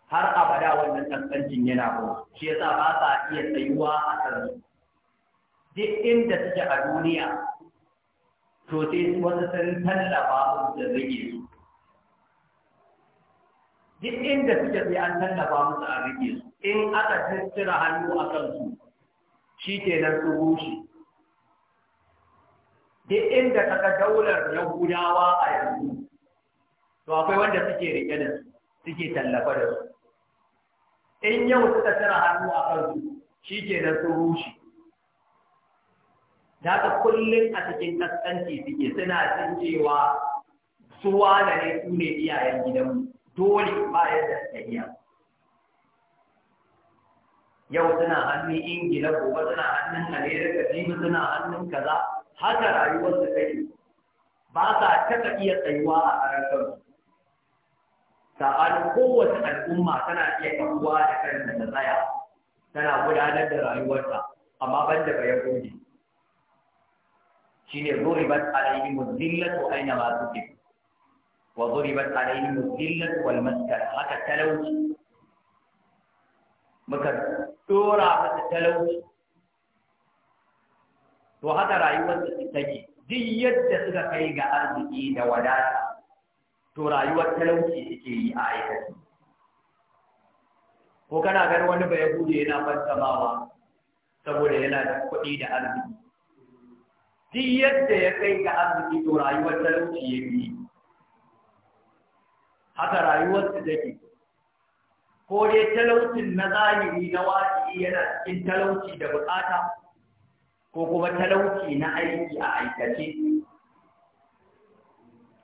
har abada wannan kaskancin yana ba shi yasa ba sa iya tsayuwa a sarari duk inda suke a duniya to sai wasu sun tallafa musu da rage su duk inda suke sai an tallafa musu a rage su in aka tattira hannu a su, shi ke nan su rushe duk inda kaga daular yahudawa a yanzu to akwai wanda suke rike da su suke tallafa da su in yau suka tara hannu a kansu shi ke na su rushe da kullum a cikin kaskanci suke suna cin cewa su wane ne su ne iyayen gidanmu dole ba ya ta iya yau suna hannu ingila gobe suna hannun da jibi suna hannun kaza haka rayuwarsu kai ba sa taɓa iya tsayuwa a ƙarƙarsu sabanin kowace al'umma tana iya kafuwa da kan da tsaya tana gudanar da rayuwarta amma ban da bayan gobe shine duribat alaihim dhillatu aina ma tukib wa duribat alaihim dhillatu wal maskar haka talauci muka dora masa talauci to haka rayuwar su take duk yadda suka kai ga arziki da wadata to rayuwar talauci suke yi a aikaci ko kana ganin wani bai bude yana fantamawa saboda yana da kuɗi da arziki duk yadda ya kai ga arziki to rayuwar talauci ya fi haka rayuwarsu take ko dai talaucin na zahiri na wajibi yana cikin talauci da bukata ko kuma talauci na aiki a aikace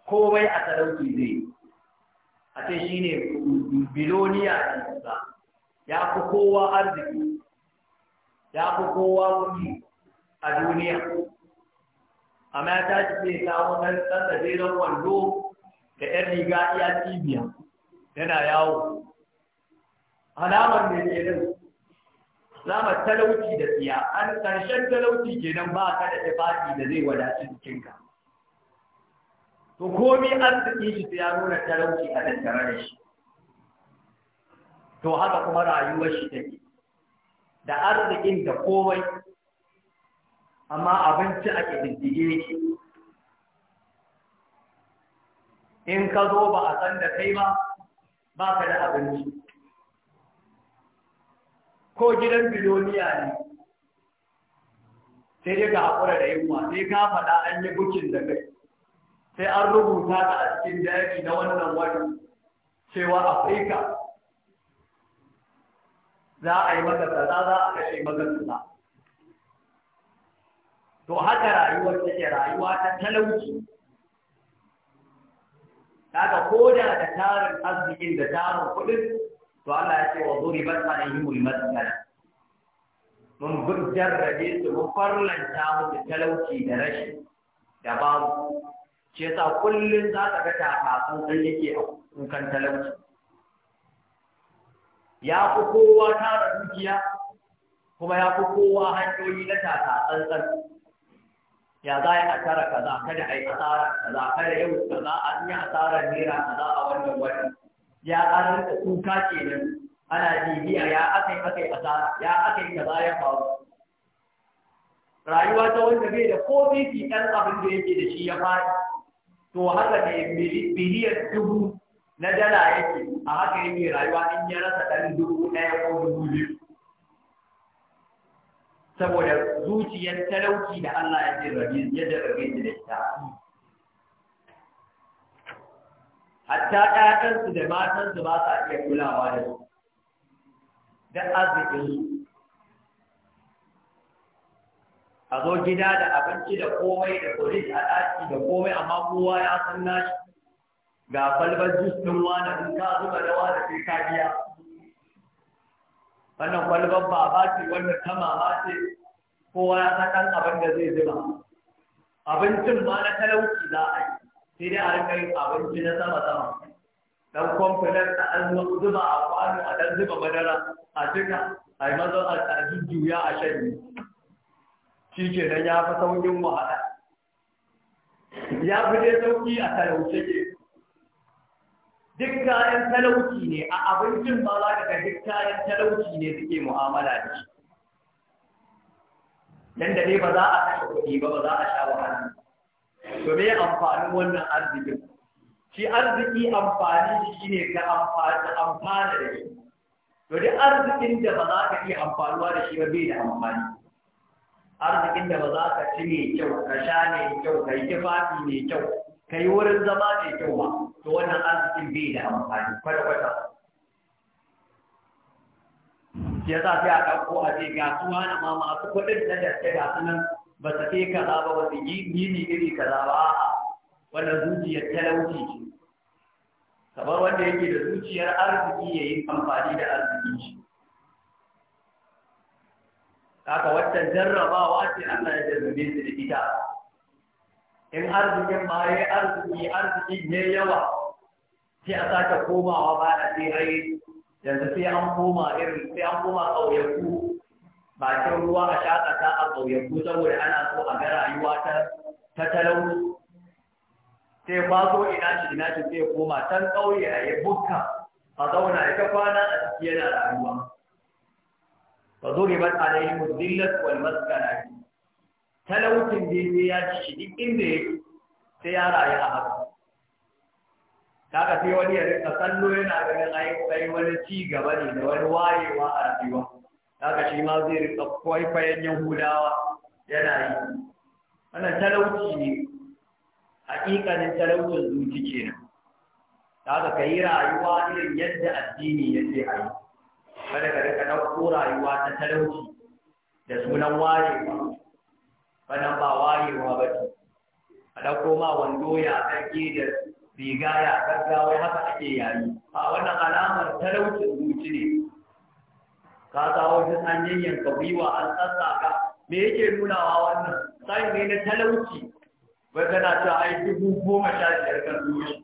komai a talauci zai a ce shi ne biloniya a kusa ya fi kowa arziki ya fi kowa kuɗi a duniya amma ya tashi zai samu ɗan zai don wando da ‘yan riga iya cibiya yana yawo alamar mai nan zama talauci da tsiya an ƙarshen talauci kenan ba ka da tufafi da zai wadaci cikinka to komi arziki shi sai ya nuna talauci a tattare da shi to haka kuma rayuwar shi take da arzikin da komai amma abinci a ƙididdige yake in ka zo ba a san da kai ba ba ka da abinci ko gidan biloniya ne sai dai ga haƙura da yunwa sai ka faɗa an yi bukin da kai sai an rubuta ka a cikin daji na wannan wani cewa Afirka za a yi maka tsada za a kashe maka to haka rayuwar take rayuwa ta talauci kaga ko da da tarin arzikin da tarin kuɗin to Allah ya ce wa zuri yi alaihimul matsala. mun gudjar da su mun farlanta musu talauci da rashi da babu shi sa kullum za ka ga takasan sai yake a kukan talauci ya fi kowa tara dukiya kuma ya fi kowa hanyoyi na takasan ya za a tara kaza kada a yi asara kaza kada yau kaza a yi asarar naira kaza a wannan wani. ya an rinka kuka nan, ana bibiya ya aka yi asara ya akai kaza ya faru rayuwa ta wanda bai da ko fifi ɗan abin da yake da shi ya fara. to haka ne biliyan dubu na dala yake a haka mai rayuwa in ya rasa ɗari dubu ɗaya ko dubu biyu saboda zuciyar talauci da Allah ya jirage ya jirage da ita hatta 'ya'yansu da matansu ba sa iya kulawa da su da a zo gida da abinci da komai da kuris a ɗaki da komai amma kowa ya san nashi ga kwalbar jus ɗin wani in ka zuba rawa da sai ka biya wannan kwalbar baba ce wannan ta mama ce kowa ya san ɗan abin da zai zuba abincin ma na talauci za a yi sai dai a rinka yin abinci na sama sama dan kwamfanar da an zuba a kwano a dan zuba madara a cika a yi mazo a juya a shanye. shi ke nan ya fi saukin wahala ya fi dai sauki a talauce ke duk kayan talauci ne a abincin ba za ka ga duk kayan talauci ne suke mu'amala da shi dan da ne ba za a kashe kuɗi ba ba za a sha wahala to me amfanin wannan arzikin shi arziki amfani shi ne ka amfani amfana da shi to duk arzikin da ba za ka iya amfanuwa da shi ba bai da amfani arzikin da ba za ka ci mai kyau ka sha mai kyau ka yi tufafi mai kyau ka yi wurin zama mai kyau ba to wannan arzikin bai da amfani kwata-kwata ya sa sai a ɗauko a ce ga su hana ma masu kuɗin da gaske ga su nan ba su ke kaza ba ba su yi mini iri kaza ba a wannan zuciyar talauci ce kamar wanda yake da zuciyar arziki ya yi amfani da arziki shi haka jarraba jarrabawa ce Allah ya jarrabe su da ita in arzikin ma ya arziki arzikin ne yawa sai a sake komawa ba da tsirai yanzu sai an koma irin sai an koma ƙauyaku bakin ruwa a shakata a ƙauyaku saboda ana so a ga rayuwa ta ta talau sai ba so ina shi ina shi sai koma can ƙauye a yi bukka a zauna ita kwana a ciki yana rayuwa fa duribat alaihim dhillat wal maskanat talautin da sai ya ci shi duk inda sai ya rayu a haka kaga sai wani ya rika sallo yana ganin ai kai wani ci gaba ne da wani wayewa a rayuwa kaga shi ma zai rika kwaifayen yahudawa yana yi wannan talauci ne hakikanin talaucin zuci kenan kaga kai rayuwa irin yadda addini ya ce a yi kada ka rika ɗauko rayuwa ta talauci da sunan wayewa wannan ba wayewa ba ce a ɗauko ma wando ya ƙarƙe da riga ya gaggawai haka ake yayi a wannan alamar talaucin zuci ne ka kawo shi an yanyanka gwiwa an ka? me yake nunawa wannan sai ne na talauci wai kana cewa ai dubu goma sha biyar kan zuci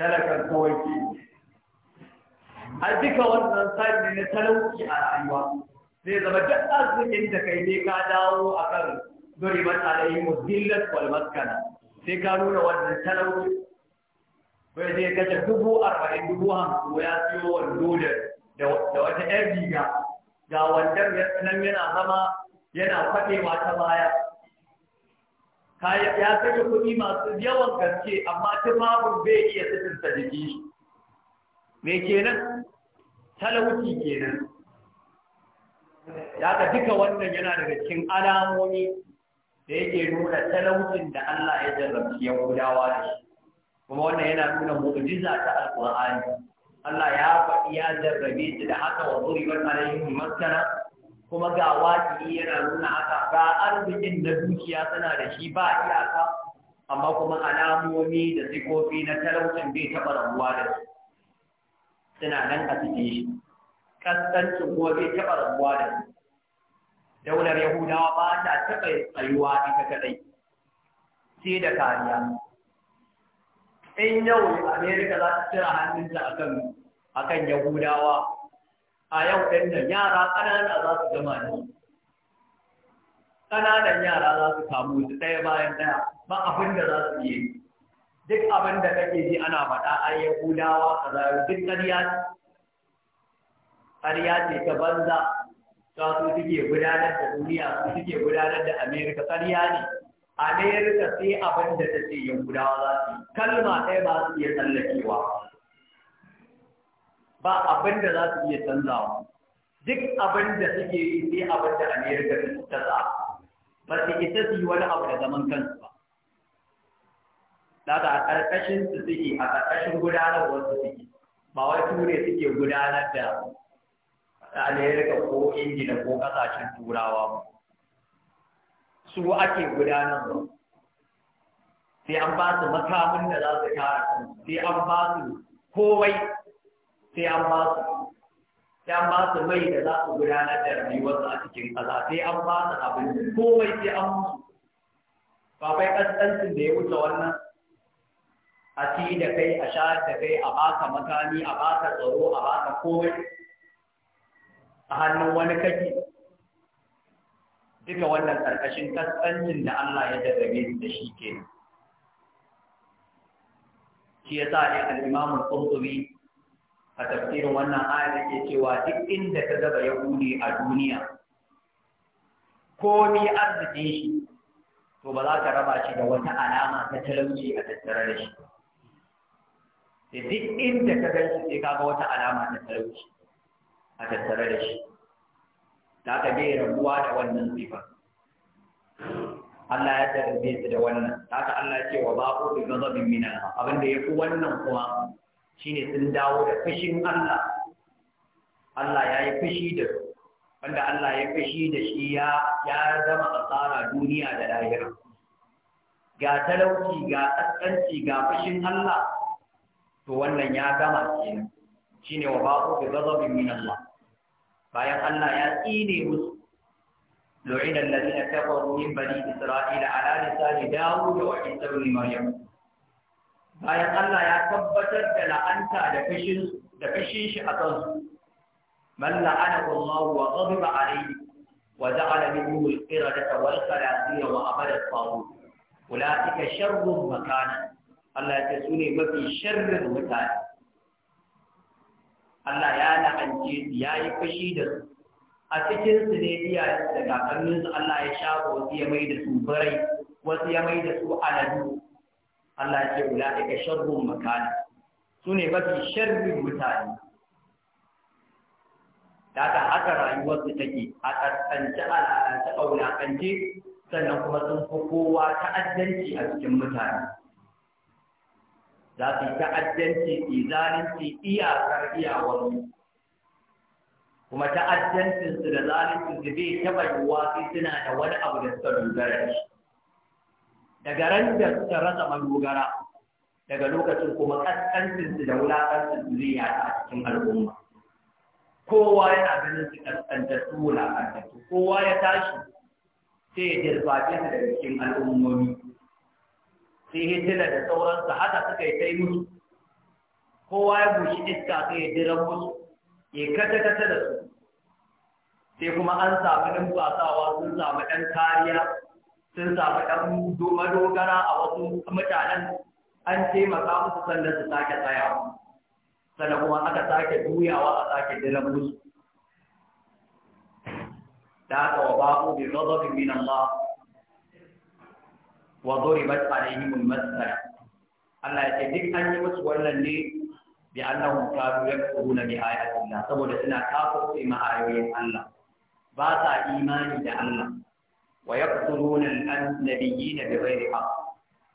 talakan kawai ke a duka wannan sani na talauki a rayuwa zai zama duk arzikin da kai ne ka dawo a kan duriban alayhi muzillat wal maskana sai ka nuna wannan talauki. bai zai kashe dubu arba'in dubu hamsin ya siyo wando da wata ƴan riga ga wanda nan yana zama yana faɗewa ta baya ya sanya kuɗi masu yawan gaske amma tufafin bai iya sutunta jiki shi me kenan talauci kenan ya duka wannan yana daga cikin alamomi da yake nuna talaucin da Allah ya jarrabci gudawa da shi kuma wannan yana nuna mu'jiza ta Alƙur'ani Allah ya faɗi ya jarrabe shi da haka wa zuri wannan alaihim maskara kuma ga waƙi yana nuna haka ga arzikin na dukiya tana da shi ba iyaka amma kuma alamomi da sikofi na talaucin bai taɓa rabuwa da su suna nan a cikin shi kaskancin kuma bai taɓa rabuwa da su daular yahudawa ba ta taɓa tsayuwa ita kaɗai sai da kariya in yau amerika za ta cira hannunta akan akan yahudawa a yau ɗin nan yara ƙanana za su gama ne. ƙananan yara za su kamu su ɗaya bayan ɗaya ba abin da za su yi duk abin da kake ji ana faɗa a yahudawa a zaru duk ƙarya ce ƙarya ce ta banza ta su suke gudanar da duniya su suke gudanar da amerika ƙarya ne amerika sai abin da ta ce gudawa za su yi kalma ɗaya ba su iya tsallakewa ba abin da za su iya canzawa duk abin da suke yi sai abin da amerika ta za ba su isa su yi wani abu da zaman kansu ba daga a ƙarƙashin su suke a ƙarƙashin gudanarwar su suke ba wai ture suke gudanar da amerika ko ingila ko ƙasashen turawa ba su ake gudanarwa sai an ba su makamun da za su kare sai an ba su kowai sai an ba su sai an ba su mai da za su gudanar da wasu a cikin kasa, sai an ba su abin komai sai an musu ba bai kasancin da ya wuce wannan a ci da kai a sha da kai a ba ka makami a ba ka tsaro a ba ka komai a hannun wani kake duka wannan ƙarƙashin kasancin da Allah ya jarrabe da shi kenan shi ya sa ne al-Imam al-Qurtubi a tafsirin wannan aya da ke cewa duk inda ta zaba ya hude a duniya ko ni arzikin shi to ba za ta raba shi da wata alama ta talauci a tattare da shi da duk inda ka gan shi sai ka ga wata alama ta talauci a tattare da shi za ka bai rabuwa da wannan sifa Allah ya tarbe su da wannan haka Allah ce wa ba'u bi ghadabin min Allah abinda yafi wannan kuma ne sun dawo da fashin Allah Allah ya yi fushi da su wanda Allah ya fashi da shi ya ya zama asara duniya da lahira ga talauci ga kaskanci ga fashin Allah to wannan ya gama kenan shine wa ba'u bi ghadabin min Allah bayan Allah ya tsine musu lu'ina alladhina kafaru min bani isra'ila a lalisa lisani dawo da isa ibn maryam bayan Allah ya tabbatar da la'anta da kashin shi a kansu man la'ana Allah wa ghadiba alayhi wa ja'ala ƙira al-qiradata wal qalaziya wa abada faru. tawud ulaika sharrun makana Allah ya su ne mafi sharrin mutane Allah ya la'ance su ya yi fashi da su a cikin su ne iyayen da kakanninsu Allah ya shafa wasu ya mai da su barai wasu ya mai da su aladu Allah ya ce ula'ika sharrun makani su ne mafi sharrin mutane Da ta haka rayuwarsu take a tsarkance al'adance a wulakance sannan kuma sun fi kowa ta'addanci a cikin mutane za su yi ta'addanci izalinci iyakar iyawarmu kuma ta'addancinsu da su bai taɓa yiwuwa sai suna da wani abu da suka dogara da shi daga ran da suka rasa madogara daga lokacin kuma kaskancin su da wulakancin su zai yi a cikin al'umma kowa yana ganin su kaskanta su wulakanta kowa ya tashi sai ya jirfafe su daga cikin al'ummomi sai hitila da sauransu haka suka yi ta yi musu kowa ya bushi iska sai ya jiran musu ya kata-kata da su sai kuma an samu ɗan basawa sun samu ɗan kariya sun samu ɗan madogara a wasu mutanen an taimaka musu sannan su sake tsayawa sannan kuma aka sake juyawa a sake jiran musu da aka wa babu bi ghadabin min Allah wa duribat alaihim al-masala Allah ya ce duk an yi musu wannan ne bi annahum kanu yakfuruna bi ayati Allah saboda suna kafirce ma ayoyin Allah ba sa imani da Allah wa yaqtuluna an-nabiyina bighairi haqq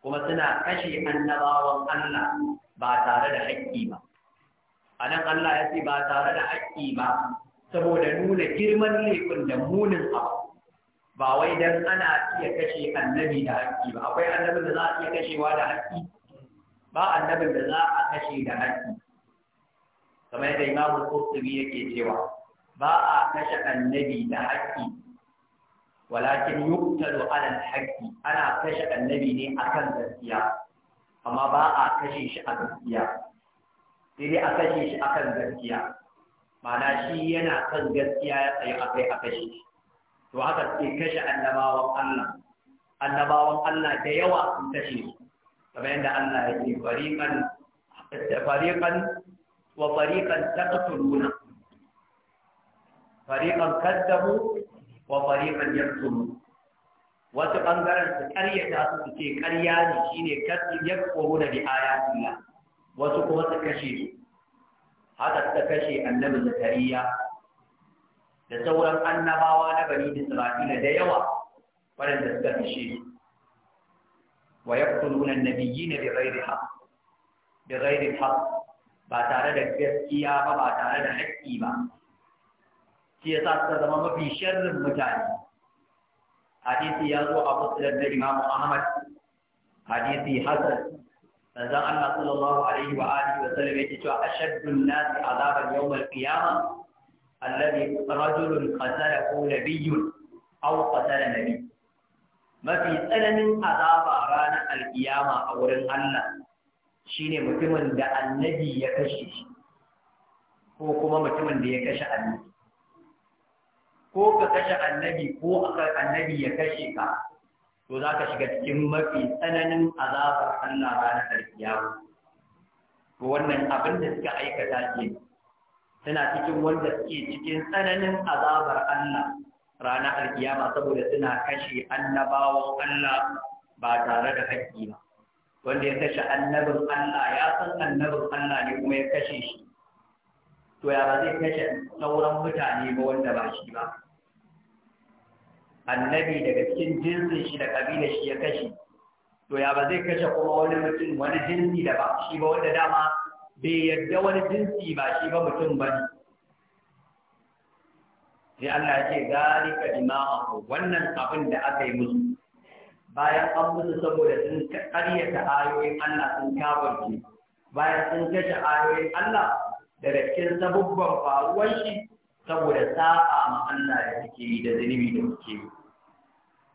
kuma suna kashe annabawan Allah ba tare da haƙƙi ba A nan Allah ya ce ba tare da haƙƙi ba saboda nuna girman laifin da munin abu ba wai don ana iya kashe annabi da haƙƙi ba akwai annabin da za a iya kashewa da haƙƙi ba annabin da za a kashe da haƙƙi kamar yadda Imam Qurtubi yake cewa ba a kashe annabi da haƙƙi walakin yuqtalu ala al-haqqi ana kashe annabi ne akan gaskiya amma ba a kashe shi a gaskiya sai a kashe shi akan gaskiya ma'ana shi yana kan gaskiya ya tsaye akai a kashe shi to haka sai kashe annabawan Allah annabawan Allah da yawa sun kashe su kamar yadda Allah ya ce fariqan fariqan wa fariqan taqtuluna fariqan kadzabu wa fariqan yaktumun wasu ɓangaren su ƙaryata su suke ce ƙarya ne shine kasu ya koruna bi ayatullah wasu kuma su kashe su haka suka kashe annabi zakariya da sauran annabawa na bani isra'ila da yawa waɗanda suka kashe su wa yaqtuluna an-nabiyyina bighayri haqq bighayri haqq ba tare da gaskiya ba ba tare da haƙƙi ba shi yasa suka zama mafi sharrin mutane hadisi ya zo a musulun na imamu ahmad hadisi hasan manzon Allah sallallahu alaihi wa alihi wa sallam yake cewa ashaddun nasi azaban yawm al-qiyamah alladhi rajulun qatalahu nabiyyun aw qatala nabiy mafi tsananin azaba ranar alkiyama a wurin Allah shine mutumin da annabi ya kashe shi ko kuma mutumin da ya kashe annabi ko ka kashe annabi ko annabi ya kashe ka to za ka shiga cikin mafi tsananin azabar Allah ranar alkiyama to wannan abin da suka aikata ce suna cikin wanda suke cikin tsananin azabar Allah ranar alkiyama saboda suna kashe annabawan Allah ba tare da haƙƙi ba wanda ya kashe annabin Allah ya san annabin Allah ne kuma ya kashe shi to ya ba zai kashe sauran mutane ba wanda ba shi ba annabi daga cikin jinsi shi da ƙabila shi ya kashe to ya ba zai kashe kuma wani mutum wani jinsi da ba shi ba wanda dama bai yarda wani jinsi ba shi ba mutum ba ne sai Allah ya ce zalika dima'ahu wannan abin da aka yi musu bayan an musu saboda sun karyata ayoyin Allah sun kafirce bayan sun kashe ayoyin Allah Da cikin sabubban faruwar shi saboda sa'a ma Allah ya suke yi da zunubi da suke yi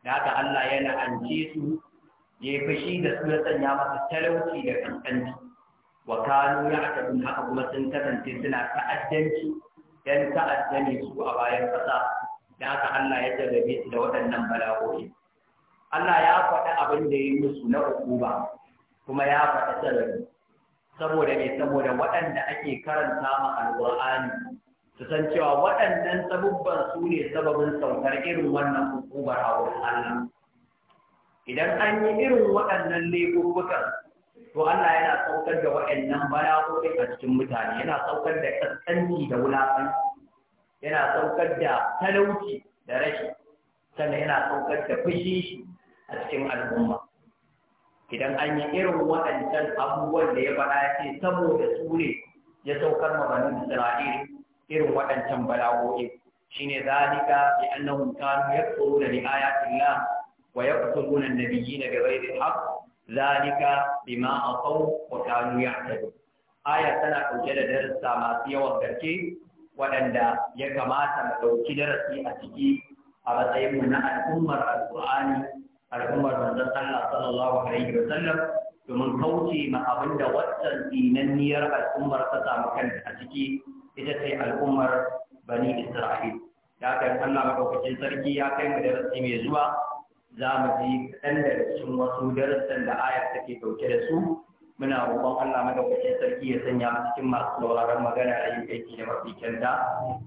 da haka Allah yana ance su ya yi fashi da su ya sanya masa talauci da kankanci wa kanu ya aka bin haka kuma sun kasance suna ta'addanci don ta'addani su a bayan ƙasa. da haka Allah ya jarrabe su da waɗannan bala'o'i Allah ya faɗi abin da ya yi musu na uku kuma ya faɗi sarari saboda ne saboda waɗanda ake karanta ma alƙur'ani su san cewa waɗannan sabubban su ne sababin saukar irin wannan hukumar a wurin Allah idan an yi irin waɗannan laifukan to Allah yana saukar da waɗannan bala'o'i a cikin mutane yana saukar da kaskanci da wulaƙanci yana saukar da talauci da rashi sannan yana saukar da fushi a cikin al'umma idan an yi irin waɗancan abubuwan da ya faɗa ce saboda su ne ya saukar ma bani Isra'il irin waɗancan bala'o'i shine zalika bi annahum kanu yakfuruna bi ayatillah wa yaqtuluna an-nabiyyina bighayri al-haqq zalika bima aqaw wa kanu ya'tadun aya tana ɗauke da darussa masu yawan gaske waɗanda ya kamata mu ɗauki darasi a ciki a matsayinmu na al'ummar alƙur'ani al'ummar manzon Allah sallallahu alaihi wa sallam domin kauce ma abin da wannan dinanniyar al'ummar ta samu kanta a ciki ita ce al'ummar bani Isra'il da aka yi Allah madaukakin sarki ya kai mu darasi mai zuwa za mu ji kaɗan daga cikin wasu darasin da aya take dauke da su muna roƙon Allah madaukakin sarki ya sanya mu cikin masu sauraron magana da yin aiki da mafi kyanta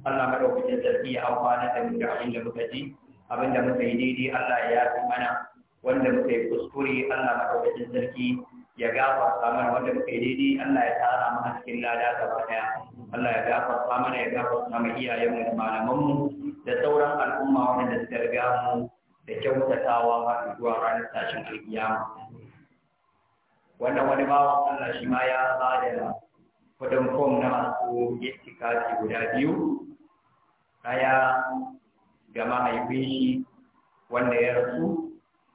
Allah madaukakin sarki ya amfana da mu da abin da muka ji abin da muka yi daidai Allah ya yafi mana wanda muka yi kuskure Allah madaukakin sarki ya gafarta mana wanda muka yi daidai Allah ya tara mana cikin lada gaba daya Allah ya gafarta mana ya gafarta mana mu da malaman mu da sauran al'umma wanda suka riga mu da kyautatawa har zuwa ranar tashin alkiyama wannan wani bawan Allah shi ma ya tsada kudin fom na masu ittikati guda biyu ɗaya ga mahaifin shi wanda ya rasu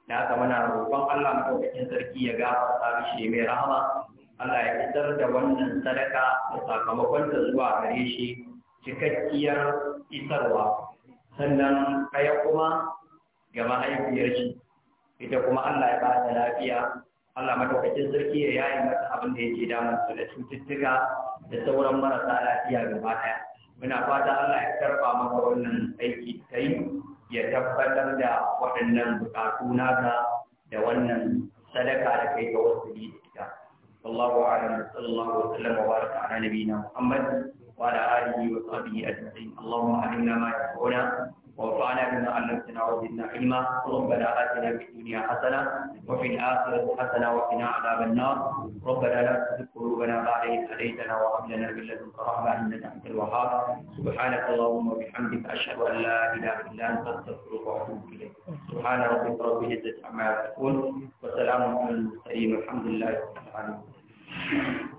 da haka muna roƙon Allah madaukakin sarki ya gafarta shi mai rahama Allah ya fitar da wannan sadaka da sakamakon ta zuwa gare shi cikakkiyar isarwa sannan kaya kuma ga mahaifiyar shi ita kuma Allah ya ba ta lafiya Allah madaukakin sarki ya yayi masa abin da yake damun su da cututtuka da sauran marasa lafiya gaba ɗaya muna fata Allah ya karɓa maka wannan aiki kai ya tabbatar da waɗannan bukatu naka da wannan sadaka da kai ga wasu ne da ita wallahu a'lam sallallahu wa sallam wa baraka ala muhammad wa ala alihi wa sahbihi ajma'in allahumma alimna ma وارفعنا بما علمتنا وزدنا علما ربنا آتنا في الدنيا حسنة وفي الآخرة حسنة وقنا عذاب النار ربنا لا تزغ قلوبنا بعد إذ هديتنا وهب لنا من لدنك رحمة إنك أنت الوهاب سبحانك اللهم وبحمدك أشهد أن لا إله إلا أنت أستغفرك وأتوب إليك سبحان ربك رب العزة عما يصفون وسلام على المرسلين والحمد لله رب العالمين